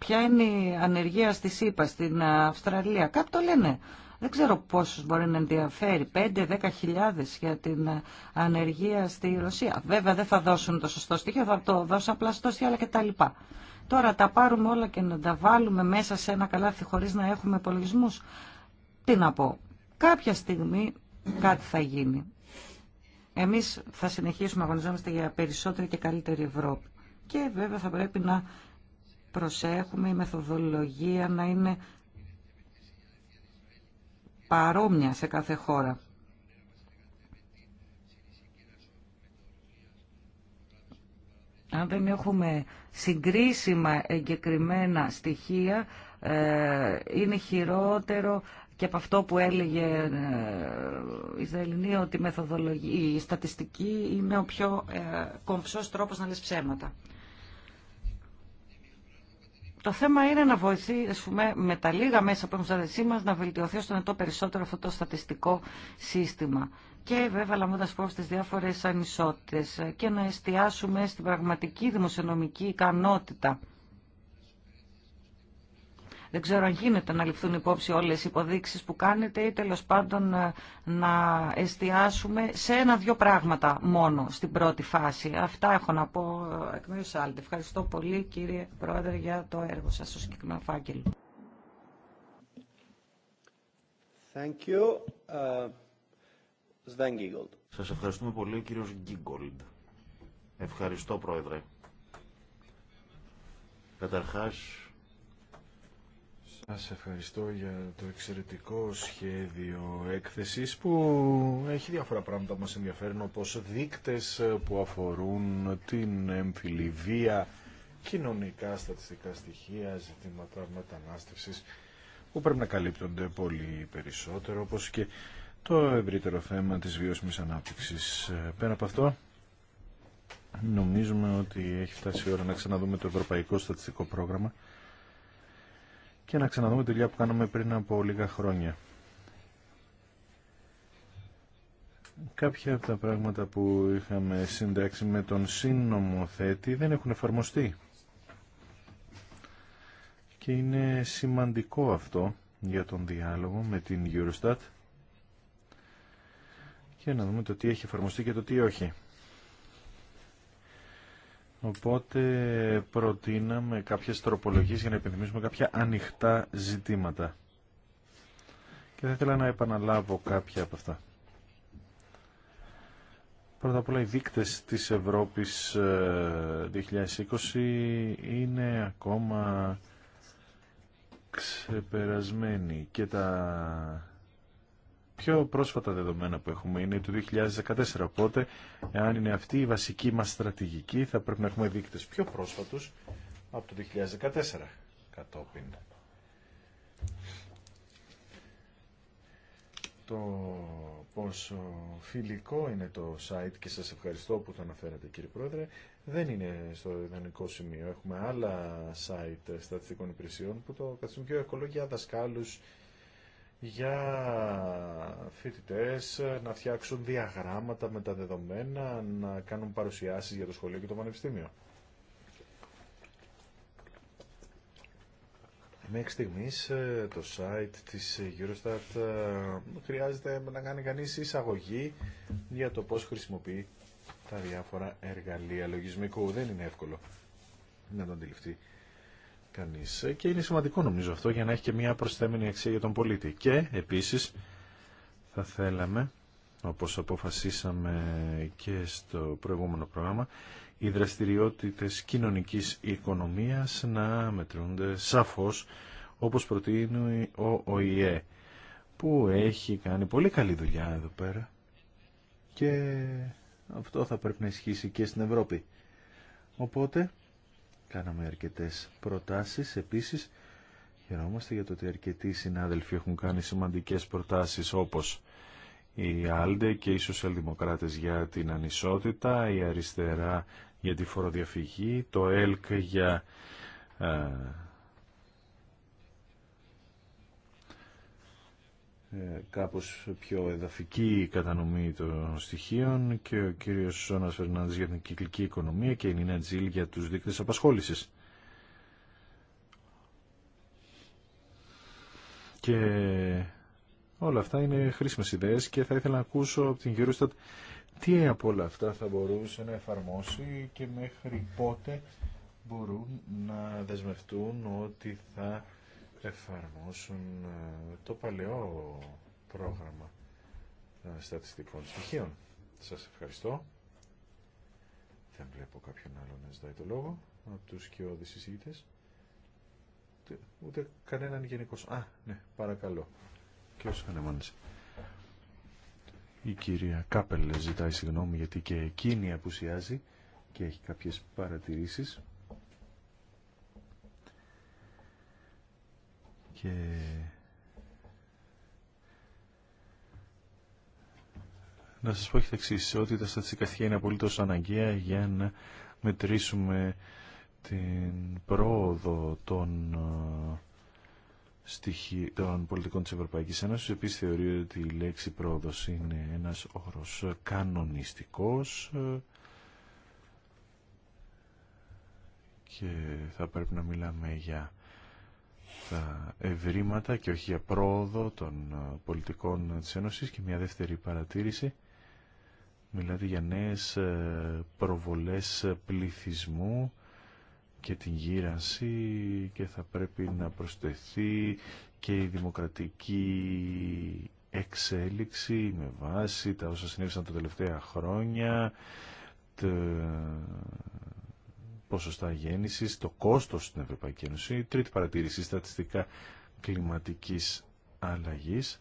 Ποια είναι η ανεργία στη ΣΥΠΑ, στην Αυστραλία. Κάποιοι το λένε. Δεν ξέρω πόσους μπορεί να ενδιαφέρει. 5-10 χιλιάδες για την ανεργία στη Ρωσία. Βέβαια δεν θα δώσουν το σωστό στοιχείο, θα το δώσουν απλά στο στοιχείο, αλλά και τα λοιπά. Τώρα τα πάρουμε όλα και να τα βάλουμε μέσα σε ένα καλάθι χωρίς να έχουμε υπολογισμού. Τι να πω. Κάποια στιγμή κάτι θα γίνει. Εμείς θα συνεχίσουμε να αγωνιζόμαστε για περισσότερη και καλύτερη Ευρώπη. Και βέβαια θα πρέπει να προσέχουμε η μεθοδολογία να είναι παρόμοια σε κάθε χώρα. Αν δεν έχουμε συγκρίσιμα εγκεκριμένα στοιχεία, ε, είναι χειρότερο και από αυτό που έλεγε ε, η Ισραηλινή ότι η, η στατιστική είναι ο πιο ε, κομψός τρόπος να λες ψέματα. Το θέμα είναι να βοηθήσουμε με τα λίγα μέσα που έχουμε στα δεσί μας να βελτιωθεί στον το περισσότερο αυτό το στατιστικό σύστημα. Και βέβαια λαμβάνοντας υπόψη τις διάφορες ανισότητες και να εστιάσουμε στην πραγματική δημοσιονομική ικανότητα δεν ξέρω αν γίνεται να ληφθούν υπόψη όλες οι υποδείξεις που κάνετε ή τέλος πάντων ε, να εστιάσουμε σε ένα-δυο πράγματα μόνο στην πρώτη φάση. Αυτά έχω να πω ε, εκ μέρους άλλων. Ευχαριστώ πολύ κύριε Πρόεδρε για το έργο σας στο συγκεκριμένο φάκελο. Thank you. Ε, σας ευχαριστούμε πολύ κύριος Γκίγκολντ. Ευχαριστώ Πρόεδρε. Καταρχάς σε ευχαριστώ για το εξαιρετικό σχέδιο έκθεσης που έχει διάφορα πράγματα που μας ενδιαφέρουν όπως δείκτες που αφορούν την έμφυλη βία, κοινωνικά στατιστικά στοιχεία, ζητήματα μετανάστευσης που πρέπει να καλύπτονται πολύ περισσότερο όπως και το ευρύτερο θέμα της βιώσιμης ανάπτυξης. Πέρα από αυτό, νομίζουμε ότι έχει φτάσει η ώρα να ξαναδούμε το Ευρωπαϊκό Στατιστικό Πρόγραμμα και να ξαναδούμε τη δουλειά που κάναμε πριν από λίγα χρόνια. Κάποια από τα πράγματα που είχαμε συντάξει με τον συνομοθέτη δεν έχουν εφαρμοστεί. Και είναι σημαντικό αυτό για τον διάλογο με την Eurostat και να δούμε το τι έχει εφαρμοστεί και το τι όχι. Οπότε προτείναμε κάποιες τροπολογίες για να επιθυμήσουμε κάποια ανοιχτά ζητήματα. Και θα ήθελα να επαναλάβω κάποια από αυτά. Πρώτα απ' όλα οι δείκτες της Ευρώπης 2020 ε, είναι ακόμα ξεπερασμένοι και τα πιο πρόσφατα δεδομένα που έχουμε είναι του 2014. Οπότε, εάν είναι αυτή η βασική μας στρατηγική, θα πρέπει να έχουμε δείκτες πιο πρόσφατους από το 2014 κατόπιν. Το πόσο φιλικό είναι το site και σας ευχαριστώ που το αναφέρατε κύριε Πρόεδρε, δεν είναι στο ιδανικό σημείο. Έχουμε άλλα site στατιστικών υπηρεσιών που το καθιστούν πιο οικολόγια δασκάλους, για φοιτητέ να φτιάξουν διαγράμματα με τα δεδομένα, να κάνουν παρουσιάσεις για το σχολείο και το πανεπιστήμιο. Μέχρι στιγμής ε, το site της Eurostat ε, χρειάζεται να κάνει κανείς εισαγωγή για το πώς χρησιμοποιεί τα διάφορα εργαλεία λογισμικού. Δεν είναι εύκολο να το αντιληφθεί κανείς. Ε, και είναι σημαντικό νομίζω αυτό για να έχει και μια προσθέμενη αξία για τον πολίτη. Και επίσης θα θέλαμε, όπως αποφασίσαμε και στο προηγούμενο πρόγραμμα, οι δραστηριότητες κοινωνικής οικονομίας να μετρούνται σαφώς όπως προτείνει ο ΟΗΕ που έχει κάνει πολύ καλή δουλειά εδώ πέρα και αυτό θα πρέπει να ισχύσει και στην Ευρώπη. Οπότε κάναμε αρκετές προτάσεις. Επίσης, χαιρόμαστε για το ότι αρκετοί συνάδελφοι έχουν κάνει σημαντικές προτάσεις όπως η Άλντε και οι Σοσιαλδημοκράτε για την ανισότητα, η Αριστερά για τη φοροδιαφυγή, το ΕΛΚ για ε, Ε, κάπως πιο εδαφική κατανομή των στοιχείων και ο κύριος Σώνας Φερνάνδης για την κυκλική οικονομία και η Νίνα Τζίλ για τους δείκτες απασχόλησης. Και όλα αυτά είναι χρήσιμες ιδέες και θα ήθελα να ακούσω από την Eurostat τι από όλα αυτά θα μπορούσε να εφαρμόσει και μέχρι πότε μπορούν να δεσμευτούν ότι θα εφαρμόσουν ε, το παλαιό πρόγραμμα ε, στατιστικών στοιχείων. Σας ευχαριστώ. Δεν βλέπω κάποιον άλλο να ζητάει το λόγο από τους και εισηγητές. Ούτε, ούτε κανέναν γενικός. Α, ναι, παρακαλώ. Και όσο κανεμάνες. Η κυρία Κάπελ ζητάει συγγνώμη γιατί και εκείνη απουσιάζει και έχει κάποιες παρατηρήσεις. και να σας πω εξής, ότι τα στατιστικά στοιχεία είναι απολύτως αναγκαία για να μετρήσουμε την πρόοδο των, ε, των πολιτικών της Ευρωπαϊκής Ένωσης. Επίσης θεωρεί ότι η λέξη πρόοδος είναι ένας όρος κανονιστικός ε, και θα πρέπει να μιλάμε για τα ευρήματα και όχι για πρόοδο των ε, πολιτικών της Ένωσης και μια δεύτερη παρατήρηση μιλάτε για νέες ε, προβολές πληθυσμού και την γύρανση και θα πρέπει να προσθεθεί και η δημοκρατική εξέλιξη με βάση τα όσα συνέβησαν τα τελευταία χρόνια ποσοστά γέννησης, το κόστος στην Ευρωπαϊκή Ένωση. Η τρίτη παρατήρηση, στατιστικά κλιματικής αλλαγής.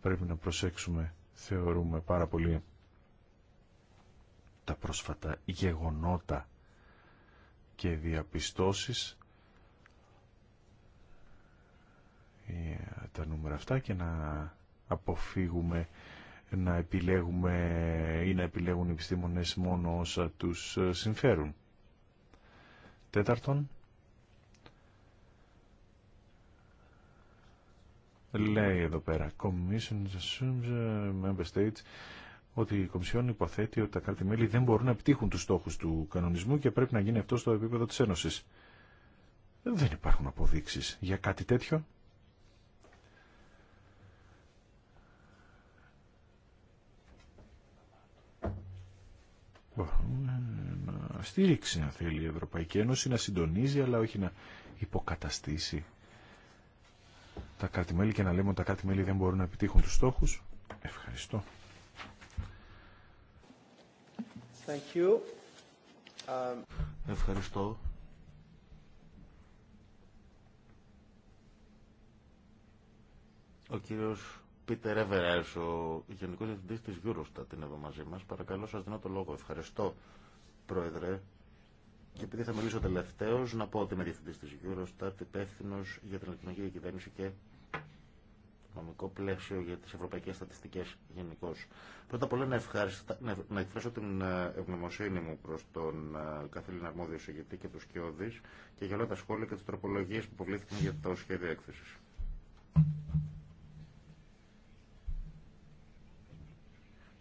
Πρέπει να προσέξουμε, θεωρούμε πάρα πολύ τα πρόσφατα γεγονότα και διαπιστώσεις ε, τα νούμερα αυτά και να αποφύγουμε να επιλέγουμε ή να επιλέγουν οι επιστήμονες μόνο όσα τους συμφέρουν. Τέταρτον, λέει εδώ πέρα assumes ε, ότι η Κομισιόν υποθέτει ότι τα κράτη-μέλη δεν μπορούν να επιτύχουν τους στόχους του κανονισμού και πρέπει να γίνει αυτό στο επίπεδο της Ένωσης. Δεν υπάρχουν αποδείξεις για κάτι τέτοιο στήριξη αν θέλει η Ευρωπαϊκή Ένωση να συντονίζει αλλά όχι να υποκαταστήσει τα κράτη-μέλη και να λέμε ότι τα κράτη-μέλη δεν μπορούν να επιτύχουν τους στόχους. Ευχαριστώ. Thank you. Um, Ευχαριστώ. Ο κύριος Πίτερ Εβεράς, ο Γενικός Διευθυντής της Eurostat, είναι εδώ μαζί μας. Παρακαλώ σας δίνω το λόγο. Ευχαριστώ. Πρόεδρε, και επειδή θα μιλήσω τελευταίο, να πω ότι είμαι διευθυντή τη Eurostat, υπεύθυνο για την ελληνική κυβέρνηση και νομικό πλαίσιο για τι ευρωπαϊκέ στατιστικέ γενικώ. Πρώτα απ' όλα να, ευχαριστα... να εκφράσω την ε, ευγνωμοσύνη μου προ τον ε, καθήλυνα αρμόδιο συγκεκριτή και του Σκιώδη και για όλα τα σχόλια και τι τροπολογίε που αποβλήθηκαν για το σχέδιο έκθεση.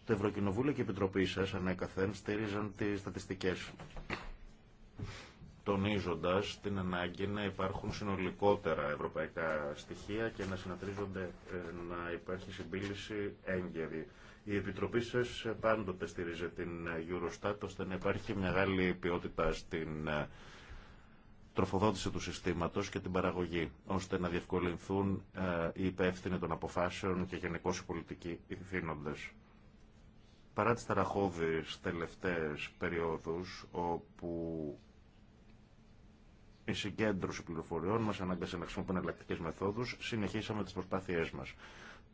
Το Ευρωκοινοβούλιο και η Επιτροπή σα ανέκαθεν στήριζαν τις στατιστικές τονίζοντας την ανάγκη να υπάρχουν συνολικότερα ευρωπαϊκά στοιχεία και να συνατρίζονται ε, να υπάρχει συμπίληση έγκαιρη. Η Επιτροπή σα πάντοτε στήριζε την Eurostat ώστε να υπάρχει μεγάλη ποιότητα στην ε, τροφοδότηση του συστήματος και την παραγωγή, ώστε να διευκολυνθούν ε, οι υπεύθυνοι των αποφάσεων και γενικώ οι πολιτικοί ηθήνοντες παρά τις ταραχώδεις τελευταίες περιόδους όπου η συγκέντρωση πληροφοριών μας ανάγκασε να χρησιμοποιούμε εναλλακτικές μεθόδους, συνεχίσαμε τις προσπάθειές μας.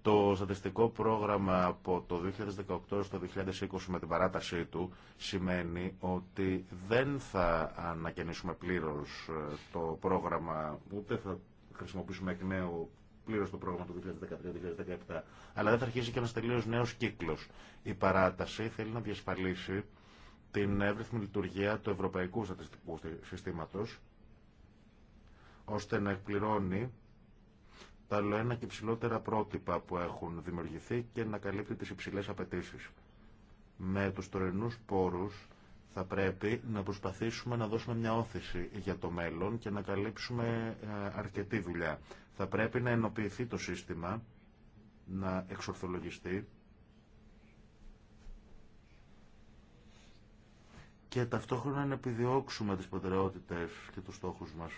Το στατιστικό πρόγραμμα από το 2018 στο 2020 με την παράτασή του σημαίνει ότι δεν θα ανακαινήσουμε πλήρως ε, το πρόγραμμα, ούτε θα χρησιμοποιήσουμε εκ νέου πλήρω το πρόγραμμα του 2013-2017. Αλλά δεν θα αρχίσει και ένα τελείω νέο κύκλο. Η παράταση θέλει να διασφαλίσει την εύρυθμη λειτουργία του Ευρωπαϊκού Στατιστικού Συστήματο, ώστε να εκπληρώνει τα άλλο και υψηλότερα πρότυπα που έχουν δημιουργηθεί και να καλύπτει τι υψηλέ απαιτήσει. Με του τωρινού πόρου θα πρέπει να προσπαθήσουμε να δώσουμε μια όθηση για το μέλλον και να καλύψουμε ε, αρκετή δουλειά. Θα πρέπει να ενοποιηθεί το σύστημα, να εξορθολογιστεί και ταυτόχρονα να επιδιώξουμε τις προτεραιότητες και τους στόχους μας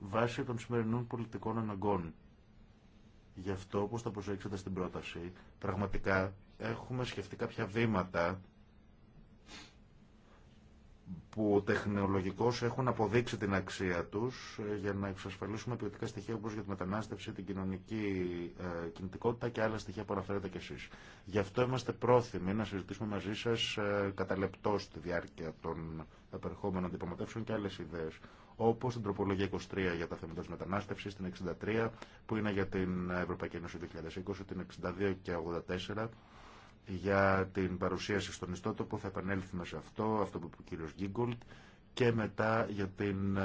βάσει των σημερινών πολιτικών αναγκών. Γι' αυτό, όπως θα προσέξετε στην πρόταση, πραγματικά έχουμε σκεφτεί κάποια βήματα που τεχνολογικώς έχουν αποδείξει την αξία τους ε, για να εξασφαλίσουμε ποιοτικά στοιχεία όπως για τη μετανάστευση, την κοινωνική ε, κινητικότητα και άλλα στοιχεία που αναφέρετε κι εσείς. Γι' αυτό είμαστε πρόθυμοι να συζητήσουμε μαζί σας ε, κατά λεπτό στη διάρκεια των επερχόμενων αντιπραγματεύσεων και άλλες ιδέες όπω την τροπολογία 23 για τα θέματα τη μετανάστευση, την 63 που είναι για την Ευρωπαϊκή Ένωση 2020, την 62 και 84 για την παρουσίαση στον ιστότοπο. Θα επανέλθουμε σε αυτό, αυτό που είπε ο κύριος Γκίγκολτ και μετά για την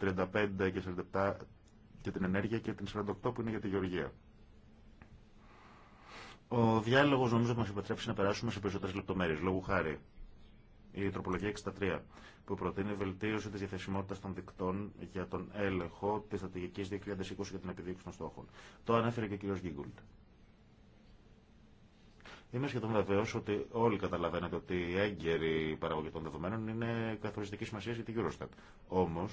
35 ε, και 47 για την ενέργεια και την 48 που είναι για τη γεωργία. Ο διάλογος νομίζω μας επιτρέψει να περάσουμε σε περισσότερες λεπτομέρειες. Λόγου χάρη, η τροπολογία 63 που προτείνει βελτίωση τη διαθεσιμότητα των δικτών για τον έλεγχο τη στρατηγικής 2020 για την επιδίωξη των στόχων. Το ανέφερε και ο κ. Γίγκολτ. Είμαι σχεδόν βεβαίω ότι όλοι καταλαβαίνετε ότι η έγκαιρη παραγωγή των δεδομένων είναι καθοριστική σημασία για την Eurostat. Όμω,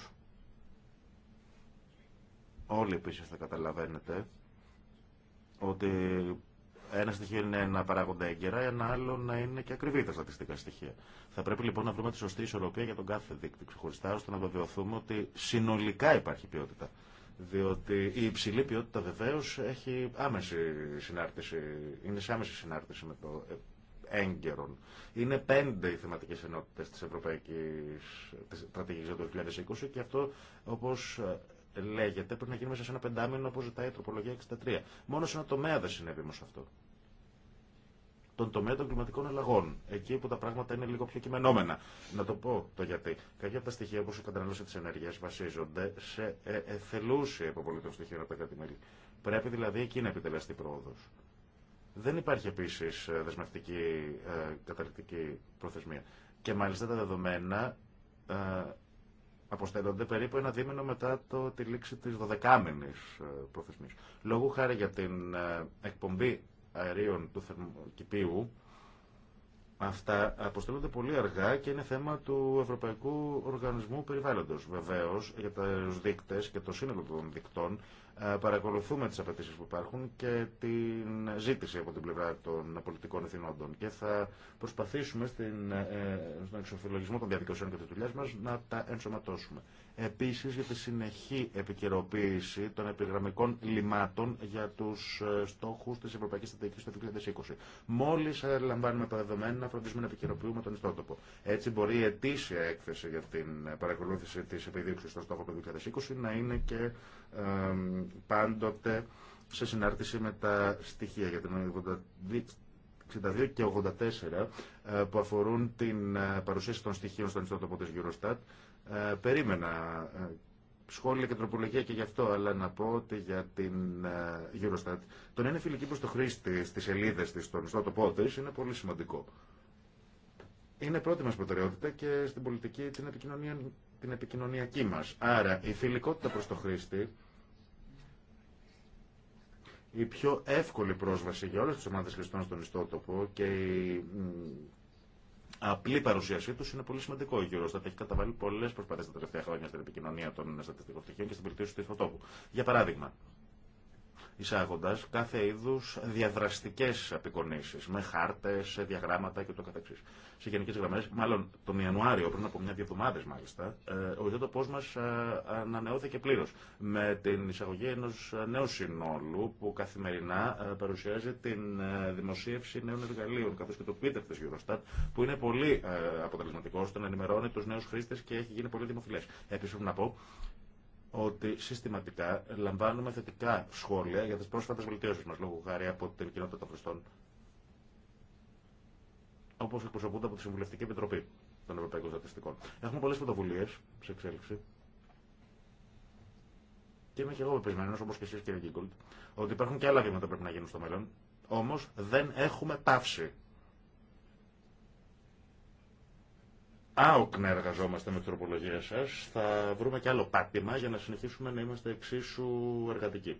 όλοι επίση θα καταλαβαίνετε ότι ένα στοιχείο είναι να παράγονται έγκαιρα, ένα άλλο να είναι και ακριβή τα στατιστικά στοιχεία. Θα πρέπει λοιπόν να βρούμε τη σωστή ισορροπία για τον κάθε δείκτη ξεχωριστά, ώστε να βεβαιωθούμε ότι συνολικά υπάρχει ποιότητα. Διότι η υψηλή ποιότητα βεβαίω έχει άμεση συνάρτηση, είναι σε άμεση συνάρτηση με το έγκαιρον. Είναι πέντε οι θεματικές ενότητες της Ευρωπαϊκής της Στρατηγικής του 2020 και αυτό όπως ε, λέγεται πρέπει να γίνει μέσα σε ένα πεντάμινο όπως ζητάει η τροπολογία 63. Μόνο σε ένα τομέα δεν συνέβη όμως αυτό τον τομέα των κλιματικών αλλαγών. Εκεί που τα πράγματα είναι λίγο πιο κειμενόμενα. Να το πω το γιατί. Κάποια από τα στοιχεία όπω η κατανάλωση τη ενέργεια βασίζονται σε ε, εθελούσια υποβολή των στοιχείων από τα κράτη-μέλη. Πρέπει δηλαδή εκεί να επιτελεστεί πρόοδο. Δεν υπάρχει επίση ε, δεσμευτική ε, καταληκτική προθεσμία. Και μάλιστα τα δεδομένα ε, αποστέλλονται περίπου ένα δίμηνο μετά το, τη λήξη τη 12 ε, προθεσμία. Λόγου χάρη για την εκπομπή αερίων του θερμοκηπίου, αυτά αποστελούνται πολύ αργά και είναι θέμα του Ευρωπαϊκού Οργανισμού Περιβάλλοντος. Βεβαίως, για τους δείκτες και το σύνολο των δικτών, ε, παρακολουθούμε τις απαιτήσει που υπάρχουν και την ζήτηση από την πλευρά των πολιτικών εθνόντων και θα προσπαθήσουμε στην, ε, στον εξοφυλλογισμό των διαδικασιών και τη δουλειά μας να τα ενσωματώσουμε. Επίσης για τη συνεχή επικαιροποίηση των επιγραμμικών λιμάτων για τους ε, στόχους της Ευρωπαϊκής Στρατηγικής του 2020. Μόλις ε, λαμβάνουμε τα δεδομένα φροντίζουμε να επικαιροποιούμε τον ιστότοπο. Έτσι μπορεί η ετήσια έκθεση για την ε, παρακολούθηση της επιδίωξης των στόχων του 2020 να είναι και πάντοτε σε συνάρτηση με τα στοιχεία για την 62 και 84 που αφορούν την παρουσίαση των στοιχείων στον ιστότοπο της Eurostat ε, περίμενα ε, σχόλια και τροπολογία και γι' αυτό, αλλά να πω ότι για την ε, Eurostat. Το να είναι φιλική προ το χρήστη στι σελίδε τη, στον ιστότοπό τη, είναι πολύ σημαντικό. Είναι πρώτη μα προτεραιότητα και στην πολιτική την, επικοινωνία, την επικοινωνιακή μα. Άρα, η φιλικότητα προ το χρήστη, η πιο εύκολη πρόσβαση για όλε τι ομάδε χρηστών στον ιστότοπο και η απλή παρουσίασή του είναι πολύ σημαντικό. Ο Eurostat έχει καταβάλει πολλέ προσπάθειε τα τελευταία χρόνια στην επικοινωνία των στατιστικών στοιχείων και στην βελτίωση του ηθοτόπου. Για παράδειγμα, εισάγοντα κάθε είδου διαδραστικέ απεικονίσει με χάρτε, διαγράμματα κ.ο.κ. Σε γενικέ γραμμέ, μάλλον τον Ιανουάριο, πριν από μια-δύο εβδομάδε μάλιστα, ε, ο ιδιότοπο μα ε, ανανεώθηκε πλήρω με την εισαγωγή ενό νέου συνόλου που καθημερινά ε, παρουσιάζει την δημοσίευση νέων εργαλείων, καθώ και το Twitter τη Eurostat, που είναι πολύ αποτελεσματικό ώστε να ενημερώνει του νέου χρήστε και έχει γίνει πολύ δημοφιλέ. Επίση, να πω ότι συστηματικά λαμβάνουμε θετικά σχόλια για τις πρόσφατες βελτιώσεις μας, λόγω χάρη από την κοινότητα των χρηστών, όπως εκπροσωπούνται από τη Συμβουλευτική Επιτροπή των Ευρωπαϊκών Στατιστικών. Έχουμε πολλές πρωτοβουλίε σε εξέλιξη. Και είμαι και εγώ πεπισμένο, όπω και εσεί κύριε Γκίγκολτ, ότι υπάρχουν και άλλα βήματα που πρέπει να γίνουν στο μέλλον. Όμω δεν έχουμε πάυσει να εργαζόμαστε με τη τροπολογία σα, θα βρούμε και άλλο πάτημα για να συνεχίσουμε να είμαστε εξίσου εργατικοί.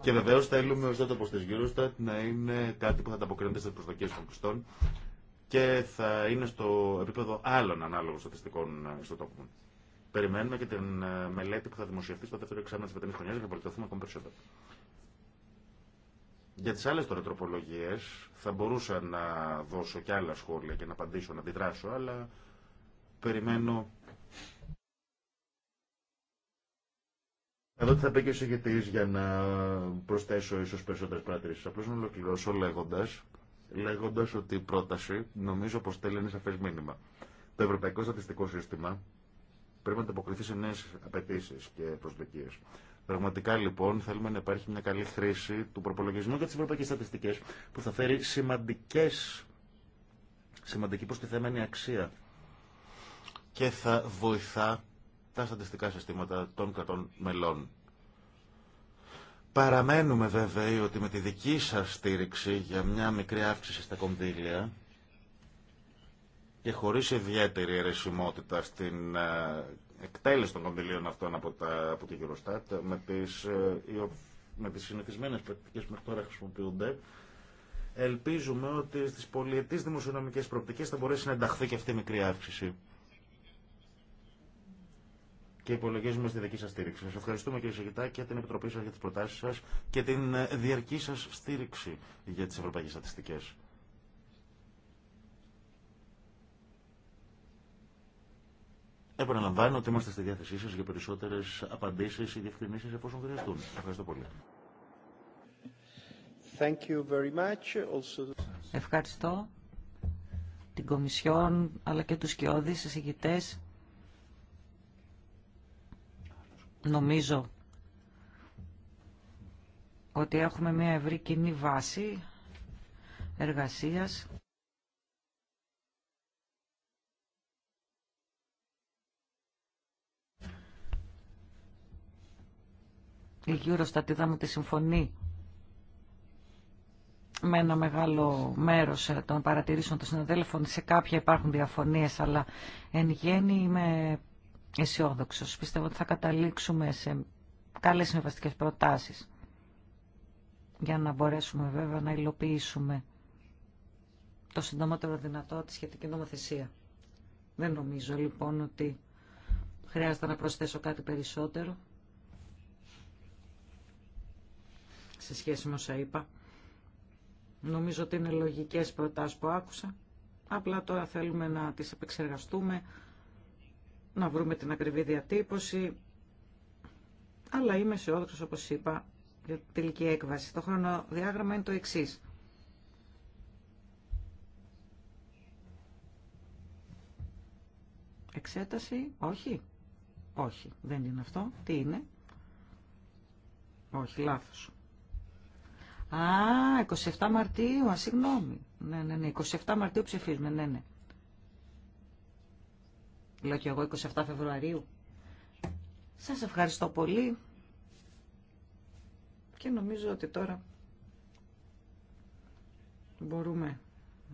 Και βεβαίω θέλουμε ο στόχο τη Eurostat να είναι κάτι που θα τα ανταποκρίνεται στι προσδοκίε των πιστών και θα είναι στο επίπεδο άλλων ανάλογων στατιστικών ιστοτόπων. Περιμένουμε και την ε, μελέτη που θα δημοσιευτεί στο δεύτερο εξάμεινο τη Βρετανική χρονιά για να βελτιωθούμε ακόμα περισσότερο. Για τις άλλες τώρα θα μπορούσα να δώσω και άλλα σχόλια και να απαντήσω, να αντιδράσω, αλλά περιμένω Εδώ θα πει και ο συγκεκριτή για να προσθέσω ίσω περισσότερε παρατηρήσει. Απλώ να ολοκληρώσω λέγοντα λέγοντας ότι η πρόταση νομίζω πω στέλνει ένα σαφέ μήνυμα. Το Ευρωπαϊκό Στατιστικό Σύστημα πρέπει να ανταποκριθεί σε νέε απαιτήσει και προσδοκίε. Πραγματικά λοιπόν θέλουμε να υπάρχει μια καλή χρήση του προπολογισμού και τη ευρωπαϊκή στατιστική που θα φέρει σημαντικές, σημαντική προστιθέμενη αξία και θα βοηθά τα στατιστικά συστήματα των κρατών μελών. Παραμένουμε βέβαιοι ότι με τη δική σας στήριξη για μια μικρή αύξηση στα κονδύλια και χωρίς ιδιαίτερη αιρεσιμότητα στην ε, εκτέλεση των κονδυλίων αυτών από, τα, από τη Eurostat με τις, ε, με τις συνηθισμένες πρακτικές που μέχρι τώρα χρησιμοποιούνται ελπίζουμε ότι στις πολιετής δημοσιονομικές προοπτικές θα μπορέσει να ενταχθεί και αυτή η μικρή αύξηση. Και υπολογίζουμε στη δική σας στήριξη. Σας ευχαριστούμε κύριε Σεγητά και την Επιτροπή σας για τις προτάσεις σας και την ε, διαρκή σας στήριξη για τις ευρωπαϊκές στατιστικές. Επαναλαμβάνω ότι είμαστε στη διάθεσή σα για περισσότερε απαντήσει ή διευκρινήσει εφόσον χρειαστούν. Ευχαριστώ πολύ. Thank you very much. Also... Ευχαριστώ την Κομισιόν αλλά και τους κοιόδης εισηγητές. Νομίζω ότι έχουμε μια ευρύ κοινή βάση εργασίας. Η Στατιδά μου τη συμφωνεί με ένα μεγάλο μέρος ε, των παρατηρήσεων των συναδέλφων. Σε κάποια υπάρχουν διαφωνίες, αλλά εν γέννη είμαι αισιόδοξο. Πιστεύω ότι θα καταλήξουμε σε καλές συμβαστικέ προτάσεις για να μπορέσουμε βέβαια να υλοποιήσουμε το συντομότερο δυνατό τη σχετική νομοθεσία. Δεν νομίζω λοιπόν ότι χρειάζεται να προσθέσω κάτι περισσότερο. σε σχέση με όσα είπα. Νομίζω ότι είναι λογικές προτάσεις που άκουσα. Απλά τώρα θέλουμε να τις επεξεργαστούμε, να βρούμε την ακριβή διατύπωση. Αλλά είμαι αισιόδοξο όπως είπα, για τη τελική έκβαση. Το χρονοδιάγραμμα είναι το εξής. Εξέταση, όχι. Όχι, δεν είναι αυτό. Τι είναι. Όχι, λάθος. Α, 27 Μαρτίου, α, συγγνώμη. Ναι, ναι, ναι, 27 Μαρτίου ψηφίζουμε, ναι, ναι. Λέω και εγώ 27 Φεβρουαρίου. Σας ευχαριστώ πολύ και νομίζω ότι τώρα μπορούμε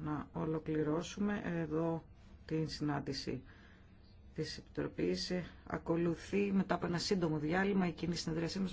να ολοκληρώσουμε εδώ την συνάντηση της Επιτροπής. Ακολουθεί μετά από ένα σύντομο διάλειμμα η κοινή συνεδρίασή μας